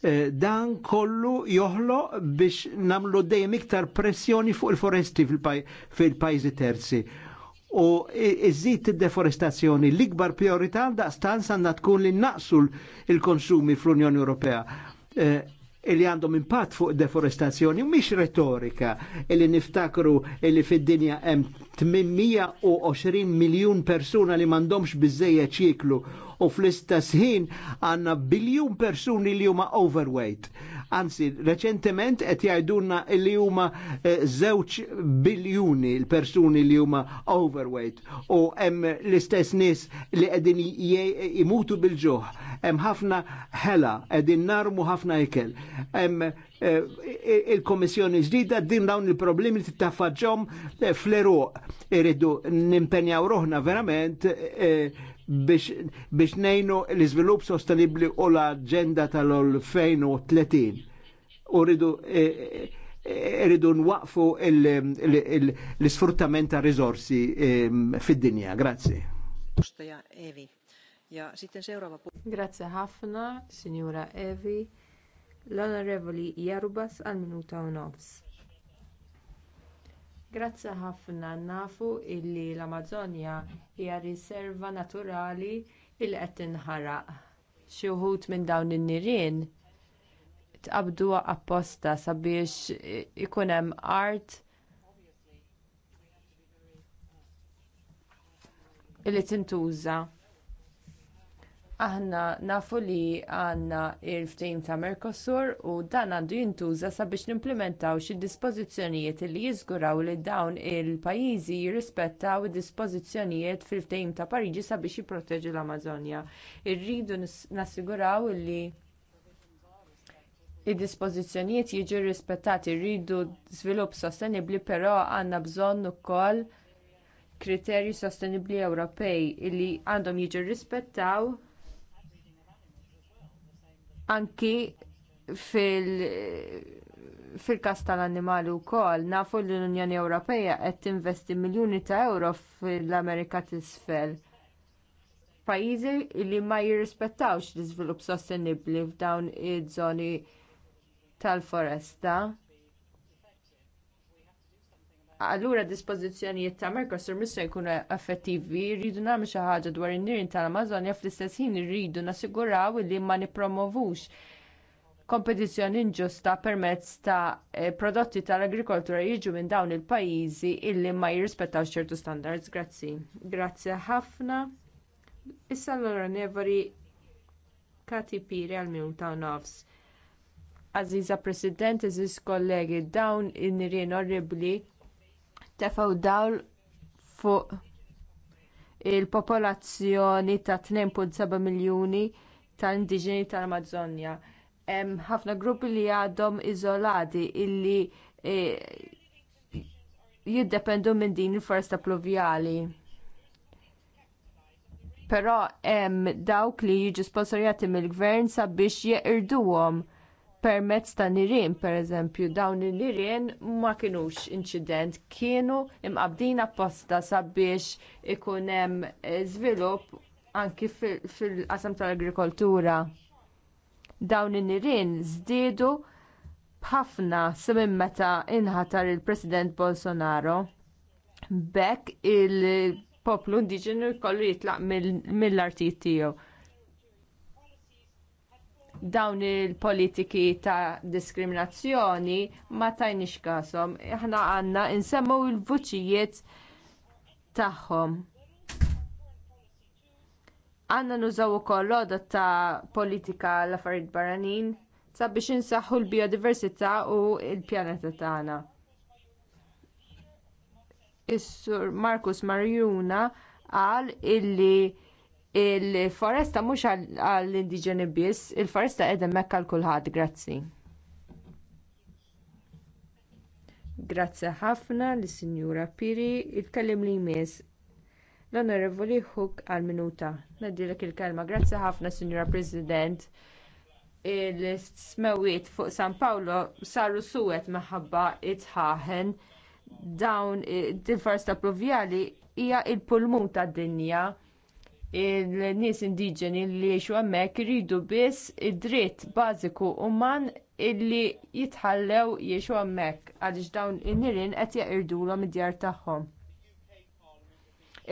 Eh, dan kollu joħlo biex namlu dejjem iktar pressjoni fuq il-foresti fil-pajzi terzi u iżid id-deforestazzjoni l-ikbar priorità da stanza għandha tkun li naqsu il-konsumi fl-Unjoni Ewropea. Illi eh, għandhom impatt fuq deforestazzjoni, mhix retorika, illi niftakru illi fid-dinja hemm 820 miljun persuna li m'għandhomx biżejjed ċiklu u fl-istess ħin għandna biljun persuni li huma overweight. Anzi, reċentement qed jgħidulna li huma żewġ eh, biljuni l-persuni li huma overweight u hemm l-istess nies li qegħdin imutu bil-ġuħ. Hemm ħafna ħela, qegħdin narmu ħafna ikel. Hemm eh, il-Komissjoni ġdida din dawn il-problemi li taffaġġhom eh, fl-eruq. Irridu nimpenjaw roħna verament biex nejnu l-izvilup sostenibli u l-agenda tal-2030. U rridu e, e, e, nwaqfu l-isfruttament ta' rizorsi fid-dinja. Grazzi. Grazie ħafna, Signora Evi. L-Onorevoli Jarubas għal minuta u nofs. Grazzi ħafna nafu illi l-Amazonja hija riserva naturali li qed tinħaraq. Xi wħud minn dawn in-nirien tqabdu apposta sabiex ikun hemm art li tintuża aħna nafu li għandna l-ftehim ta' Mercosur u dan għandu jintuża sabiex nimplementaw xi dispożizzjonijiet li jiżguraw li dawn il-pajjiżi jirrispettaw id-dispożizzjonijiet fil-ftehim ta' Pariġi sabiex jipproteġu l-Amazonja. Irridu nassiguraw li id-dispożizzjonijiet jiġu rispettati rridu żvilupp sostenibbli però għandna bżonn ukoll kriterji sostenibbli Ewropej li għandhom jiġu rispettaw anki fil fil-kas tal-annimali wkoll nafu li l-Unjoni Ewropea qed tinvesti miljuni ta' euro fl-Amerika t'isfel. Pajjiżi li ma jirrispettawx l-iżvilupp sostenibbli f'dawn iż-żoni tal-foresta allura dispożizzjonijiet ta' Mercosur mista jkunu effettivi, rridu nagħmlu xi ħaġa dwar in-nirien tal-Amazonja fl-istess ħin irridu nassiguraw li ma nippromovux kompetizzjoni inġusta permezz ta' eh, prodotti tal-agrikoltura jiġu minn dawn il-pajjiżi illi ma jirrispettawx ċertu standards. Grazzi. Grazzi ħafna. Issa l nevari KTP Real għal Town nofs. Aziza President, aziz kollegi, dawn in-nirien orribli tefaw dawl fuq il-popolazzjoni ta' 2.7 miljuni tal-indiġeni tal-Amazzonja. Hemm ħafna gruppi li għadhom iżolati illi e, jiddependu minn din il-foresta pluvjali. Però hemm dawk li jiġu sponsorjati mill-gvern sabiex jeqirduhom permezz ta' nirien pereżempju dawn il nirien ma kinux inċident kienu imqabdin apposta sabiex ikun hemm eh, żvilupp anki fil-qasam tal-agrikoltura. Dawn in-nirien żdiedu b'ħafna minn meta inħatar il-President Bolsonaro. B'hekk il-poplu indiġenu jkollu jitlaq mill artijiet tiegħu dawn il-politiki ta' diskriminazzjoni ma tajniex kasom. Aħna għandna insemmu l-vuċijiet tagħhom. Għanna nużaw ukoll l ta' politika l-affarijiet barranin sabiex insaħħu l-biodiversità u l-pjaneta tagħna. Is-Sur Markus Marjuna qal illi il-foresta mhux għall-indiġeni biss, il-foresta qiegħda mekka għal kulħadd, grazzi. Grazzi ħafna lis sinjura Piri, il-kellim li jmiss. L-Onorevoli Hook għal-minuta. Nadilek il-kelma. Grazzi ħafna, Signora President il-smewiet fuq San Paolo saru suwet minħabba itħaħen dawn il foresta pluvjali hija l pulmun tad dinja il-nies indiġeni li jiexu hemmhekk iridu biss id-dritt bażiku uman illi jitħallew jiexu hemmhekk għaliex dawn in-nirien qed jaqirdulhom id-djar tagħhom.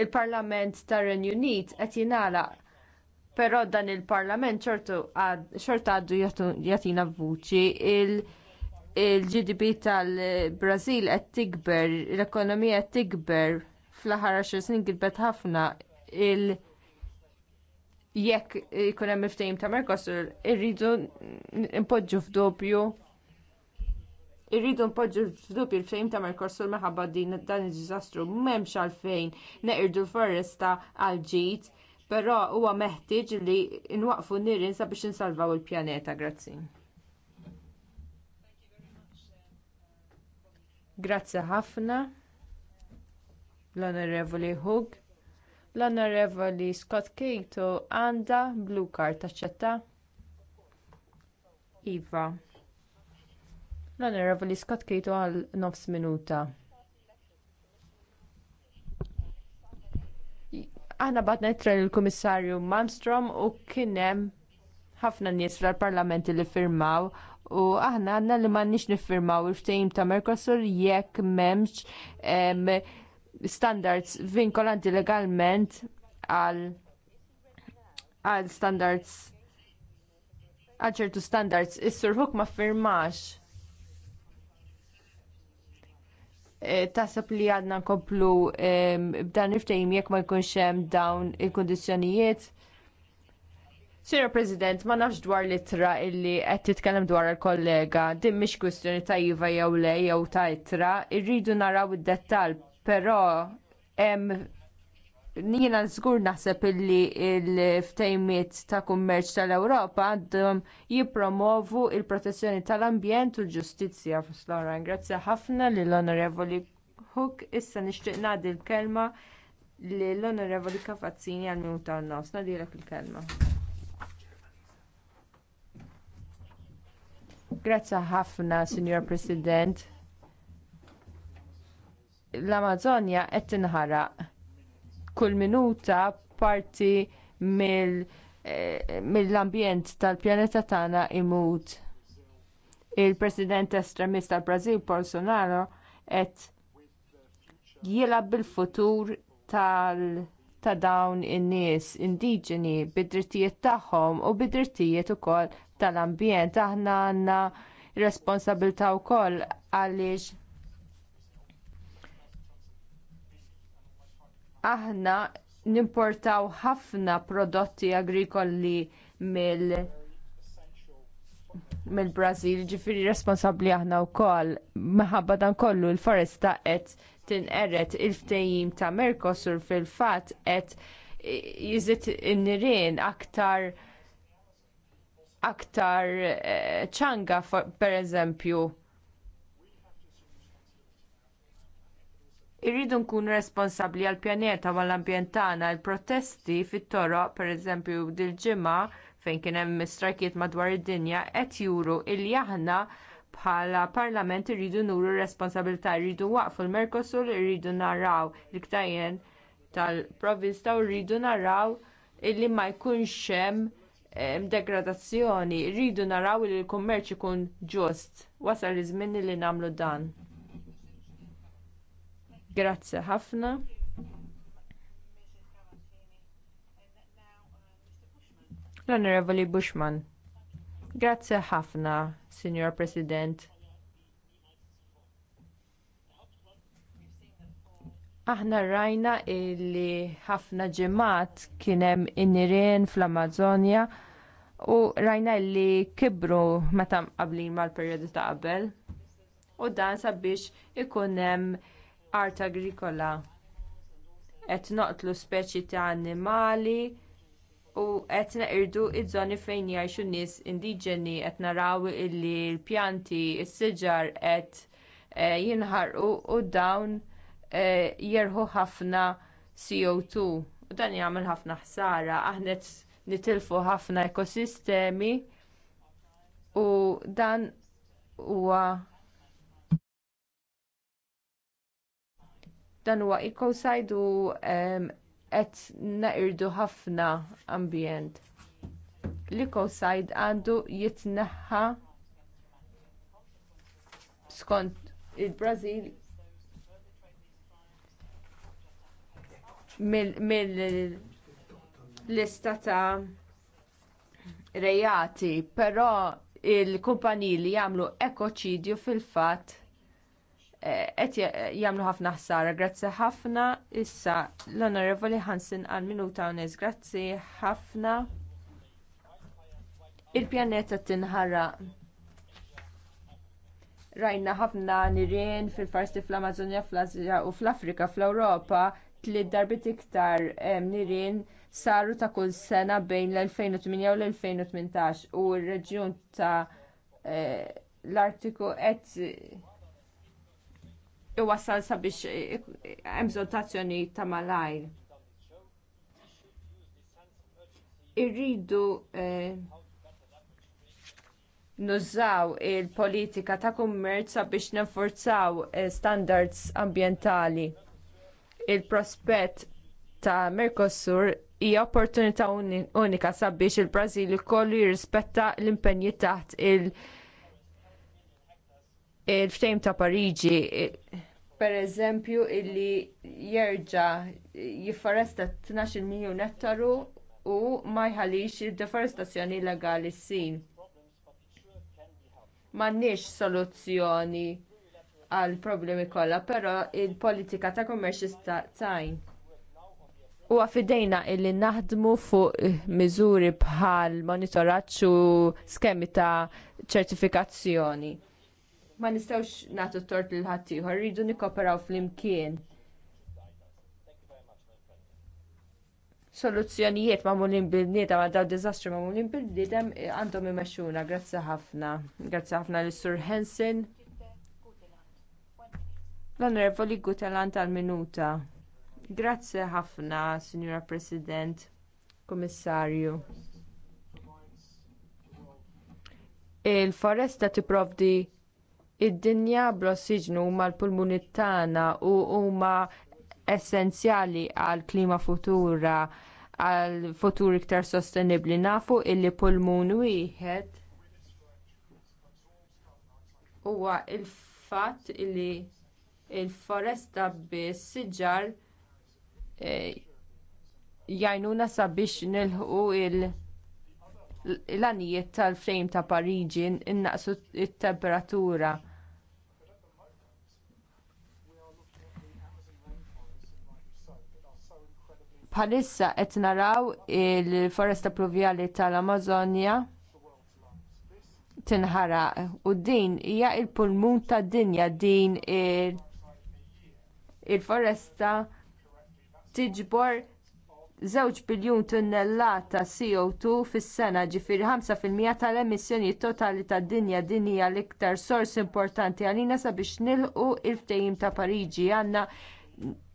Il-Parlament tar-Renju Unit qed jingħalaq però dan il-Parlament xorta għaddu jagħtina vuċi il- il-GDP tal-Brazil qed tikber, l-ekonomija qed tikber fl-aħħar 10 snin gilbet ħafna il- jekk ikun hemm miftehim ta' Mercosur irridu npoġġu f'dubju irridu npoġġu f'dubju l-fejm ta' Mercosur minħabba din dan id-diżastru m'hemmx għalfejn neqirdu l-foresta għal ġid, però huwa meħtieġ li nwaqfu n-nirien sabiex insalvaw il-pjaneta. Grazzi. Grazzi ħafna l-Onorevoli Hug l-onorevoli scott cato għandha blue card taċċetta iva l-onorevoli scott cato għal nofs minuta aħna bagħatna lill-kummissarju malmstrom u kien hemm ħafna nies fl-parlament li ffirmaw u aħna għandna li m'għandniex niffirmaw il-ftehim ta' Mercosur jekk m'hemmx standards vinkolanti legalment għal għal standards għal ċertu standards is-sur Hook ma firmax e, tasab li għadna nkomplu e, b'dan b'dan niftejim jekk ma jkunx hemm dawn il-kundizzjonijiet. Sira President, ma nafx dwar l-ittra illi qed titkellem dwar il-kollega, din mhix kwistjoni ta' iva jew le jew ta' ittra, irridu naraw id-dettall però em, jiena żgur naħseb illi l-ftejmiet ta' kummerċ tal-Ewropa għandhom jippromovu l protezzjoni tal-ambjent u l-ġustizzja fl Grazzi ħafna lill-Onorevoli Hook. Issa nixtieq ngħaddi l-kelma lill-Onorevoli Kafazzini għal minuta u nofs. Nadilek il-kelma. Grazzi ħafna, Signor President l-Amazonja qed tinħaraq kull minuta parti eh, mill-ambjent mil tal-pjaneta tagħna imut. Il-President estremist tal-Brażil Bolsonaro qed jilab bil-futur tal- ta' dawn in-nies indiġeni bid-drittijiet tagħhom u bid-drittijiet ukoll tal-ambjent aħna għandna responsabilità wkoll għaliex aħna nimportaw ħafna prodotti agrikoli mill mill-Brazil, ġifiri responsabbli aħna wkoll. Minħabba dan kollu l-foresta qed tinqeret il-ftejim ta' Mercosur fil-fatt qed jiżid in-nirien aktar aktar eh, ċanga pereżempju Irridu nkunu responsabbli għall pjaneta u għall-ambjent tagħna il-protesti fit-toroq pereżempju dil-ġimgħa fejn kien hemm strajkiet madwar id-dinja qed juru li aħna bħala parlament irridu nuru r responsabilità irridu waqfu l-Mercosur irridu naraw l-iktajjen tal-provista u rridu naraw illi ma jkunx hemm degradazzjoni, rridu naraw li l-kummerċ ikun ġust. Wasal iż-żmien li nagħmlu dan. Grazzi ħafna. L-Onorevoli Bushman. Grazzi ħafna, Signor President. Aħna rajna illi ħafna ġemat kienem inirien fl-Amazonja u rajna illi kibru matam qablin mal periodu ta' qabel. U dan sabiex ikunem art agrikola qed noqtlu speċi ta' annimali u qed neqirdu ż-żoni fejn jgħixu nies indiġeni qed naraw illi l-pjanti s-siġar qed e, jinħarqu u dawn e, jerħu ħafna CO2 u dan jagħmel ħafna ħsara aħna qed nitilfu ħafna ekosistemi u dan huwa Dan huwa ecocide u qed naqirdu ħafna ambjent. L-ecocide għandu jitneħħa skont il-Brażil mill-lista mil ta' rejati, però il-kumpaniji li jagħmlu ekoċidju fil-fatt qed jagħmlu ħafna ħsara. Grazzi ħafna issa l-Onorevoli Hansen għal minuta unis. Grazzi ħafna. Il-pjaneta tinħara rajna ħafna nirien fil-farsti fl-Amazonja, fl-Azja u fl-Afrika, fl-Ewropa, tliet darbit iktar nirien saru ta' kull sena bejn l-2008 u l-2018 u r-reġjun ta' eh, l-Artiku qed iwassal sabiex eh, eh, emżotazzjoni ta' malajr. Irridu eh, nużaw il-politika ta' kummerċ sabiex nenforzaw standards ambjentali. Il-prospett ta' Mercosur hija opportunità unika sabiex il-Brażil ikollu jirrispetta l-impenji taħt il- il-ftejm ta' Pariġi pereżempju illi jerġa' jifforesta 12 miljun ettaru u ma jħallix id-deforestazzjoni legali ssir. M'għandniex soluzzjoni għall problemi kollha, però l politika ta' kummerċ tista' tajn. Huwa fidejna illi naħdmu fuq miżuri bħal monitoraġġ u skemi ta' ċertifikazzjoni ma nistgħux nagħtu tort lil ħadd rridu nikoperaw fl-imkien. Soluzzjonijiet ma' mullin bil-bnieta ma' daw diżastru ma' mullin bil-bniedem eh, għandhom imexxuna, grazzi ħafna. Grazzi ħafna l sur Hansen. L-Onorevoli Gutelant tal-Minuta. Grazzi ħafna, Signora President, Komissarju. il-foresta tipprovdi id-dinja bl-ossiġnu huma l-pulmuni tagħna u huma essenzjali għall klima futura għal futur iktar sostenibbli nafu illi pulmun wieħed huwa fatt illi l foresta biss siġar e, jajnuna sabiex nilħu l-għanijiet tal-frame ta' Pariġi innaqsu t-temperatura Bħalissa qed naraw il-foresta pluvjali tal-Amazonja tinħaraq u din hija l pulmun tad-dinja din il-foresta tiġbor 2 biljun tunnellata CO2 fis-sena ġifieri 5% tal-emissjonijiet totali tad-dinja din hija l-iktar sors importanti għalina sabiex nilqu l ftehim ta' Pariġi għandna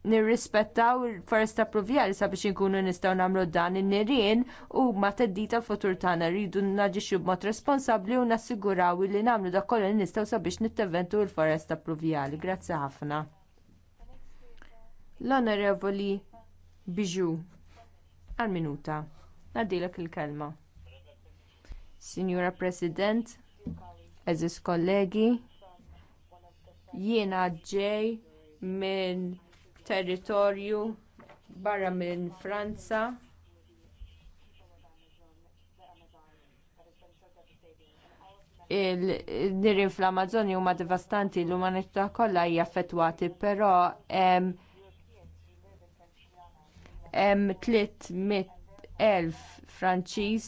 nirrispettaw il-foresta provjali sabiex inkunu nistgħu nagħmlu dan in-nirien huma theddid tal-futur tagħna rridu naġixxu b'mod responsabbli u nassiguraw li nagħmlu dak kollu nistgħu sabiex nitteventu l-foresta pruvjali. Grazzi ħafna. L-Onorevoli Biju għal-minuta. Nadilek il-kelma. Signora President, eżis kollegi, jiena ġej minn territorju barra minn Franza. il nirien fl-Amazzoni huma devastanti l-umanità kollha hija affettwati, però hemm hemm 300,000 Franċiż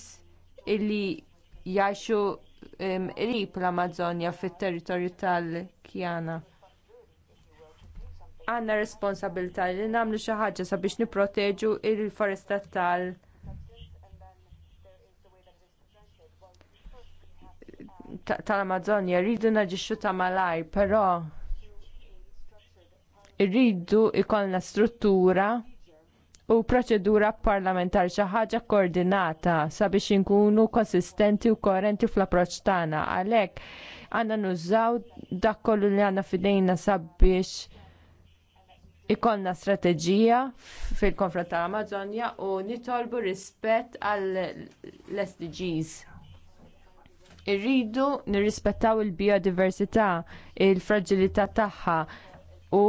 illi jgħixu qrib l-Amazzonja fit-territorju tal-Kjana għandna responsabilità li nagħmlu xi ħaġa sabiex nipproteġu l foresta tal tal-Amazonja rridu naġixxu ta' malaj, però rridu ikollna struttura u proċedura parlamentari xi ħaġa koordinata sabiex inkunu konsistenti u koerenti fl-approċċ tagħna. Għalhekk għandna nużaw dak kollu li għandna f'idejna sabiex ikonna strateġija fil-konfront tal-Amazonja u nitolbu rispett għall sdgs Irridu nirrispettaw il-biodiversità, il-fragilità tagħha u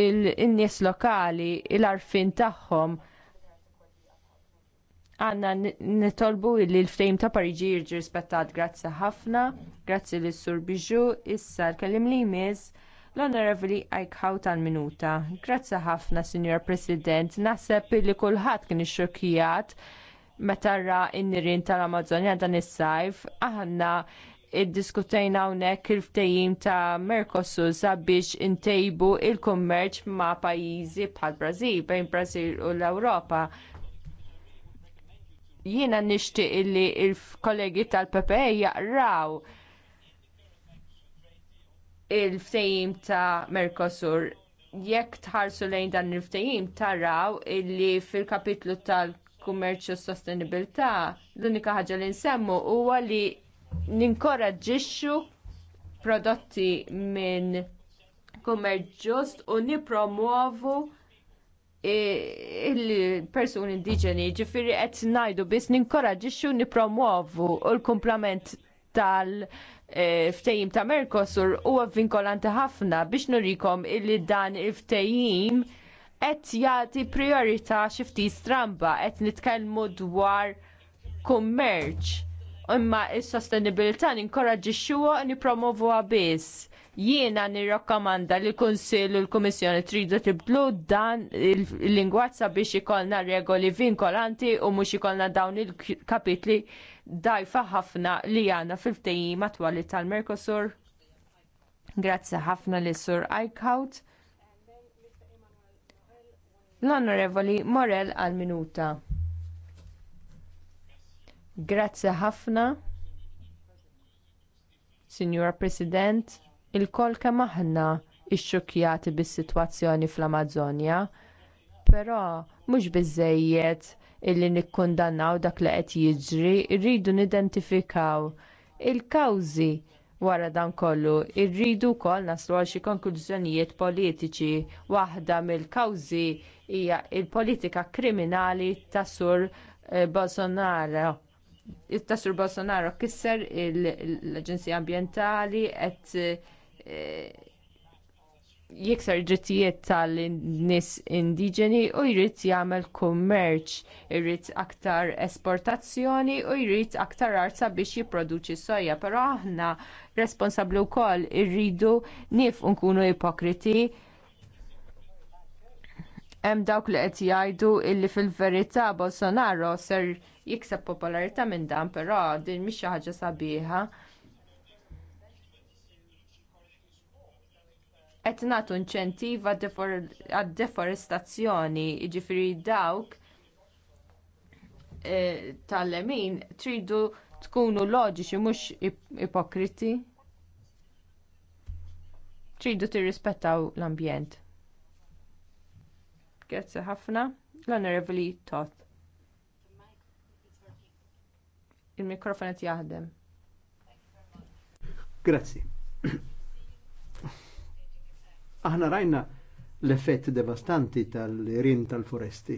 il-nies lokali, il-arfin tagħhom. Għanna nitolbu li l-ftejm ta' Pariġi jirġi rispettat. Grazzi ħafna, grazzi l-Sur Biju, issa l-kellim li jmiss L-Onorevoli Eichhout tal-minuta. Grazzi ħafna, Sinjor President. Naħseb li kulħadd kien ixxokkijat meta ra n-nirien tal-Amazonja dan is-sajf, aħna iddiskutejna hawnhekk il-ftehim ta' Mercosur sabiex intejbu l kummerċ ma' pajjiżi bħal Brażil bejn Brażil u l-Ewropa. Jiena nixtieq li l kollegi tal-PPE jaqraw il ftejim ta' Mercosur. Jekk tħarsu lejn dan il ftejim taraw illi fil-kapitlu tal-kummerċu sostenibilità l-unika ħaġa li nsemmu huwa li ninkoraġġixxu prodotti minn kummerċ ġust u nipromuovu e, il-persuni indiġeni ġifiri qed ngħidu biss ninkoraġixxu nippromuovu u l-kumplament tal- E, ftejim ta' Mercosur huwa vinkolanti ħafna biex nurikom illi dan il-ftejim qed jagħti priorità xi ftit stramba qed nitkellmu dwar kummerċ imma s-sostenibilità ninkoraġixxuha nippromovuha biss. Jiena nirrakkomanda li l-Kunsill u l-Kummissjoni tridu tibdlu dan il-lingwazza biex ikollna regoli vinkolanti u mhux ikollna dawn il-kapitli dajfa ħafna li għandna fil-ftejjim matwali tal-Mercosur. Grazzi ħafna li sur Eichhout. L-Onorevoli Morel għal-minuta. Grazzi ħafna, Signora President, il-kol kemm aħna ixxukjati bis-sitwazzjoni fl-Amazonja, però mhux biżżejjed illi nikkundannaw dak li qed jiġri, rridu nidentifikaw il-kawżi wara dan kollu. Irridu wkoll naslu għal xi konklużjonijiet politiċi. Waħda mill-kawżi hija l politika kriminali ta' Sur eh, Bolsonaro. Il-Tasur Bolsonaro kisser l-Aġenzija Ambjentali qed jikser drittijiet tal-nis indiġeni u jrid jagħmel kummerċ, jrid aktar esportazzjoni u jrid aktar art sabiex jipproduċi soja, però aħna responsabbli wkoll irridu nif nkunu ipokriti hemm dawk li qed jgħidu illi fil-verità Bolsonaro ser jikseb popolarità minn dan, però din mhix xi ħaġa sabiħa. qed nagħtu inċentiv għad-deforestazzjoni, jiġifieri dawk eh, tal-lemin tridu tkunu loġiċi mhux ipokriti. Tridu tirrispettaw l-ambjent. Grazzi ħafna. l onorevoli Tot. Il-mikrofon qed jaħdem. Grazzi. Aħna rajna l-effett devastanti tal irin tal-foresti.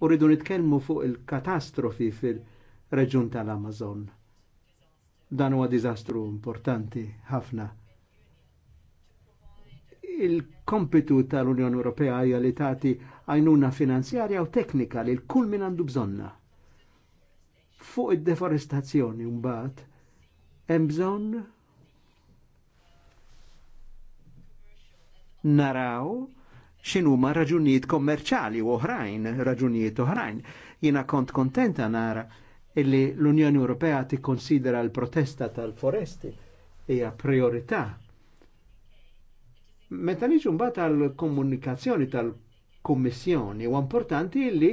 U rridu nitkellmu fuq il-katastrofi fil-reġun tal-Amazon. Dan huwa diżastru importanti ħafna. Il-kompitu tal-Unjoni Ewropea hija li tagħti għajnuna finanzjarja u teknika li l-kull min għandu bżonna. Fuq id-deforestazzjoni mbagħad hemm bżonn naraw ma raġunijiet kommerċali u oħrajn, raġunijiet oħrajn. Jiena kont kontenta nara illi l-Unjoni Ewropea konsidera l-protesta tal-foresti hija priorità. Meta niġu mbagħad għall-komunikazzjoni tal-Kummissjoni u importanti illi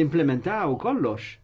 nimplementaw kollox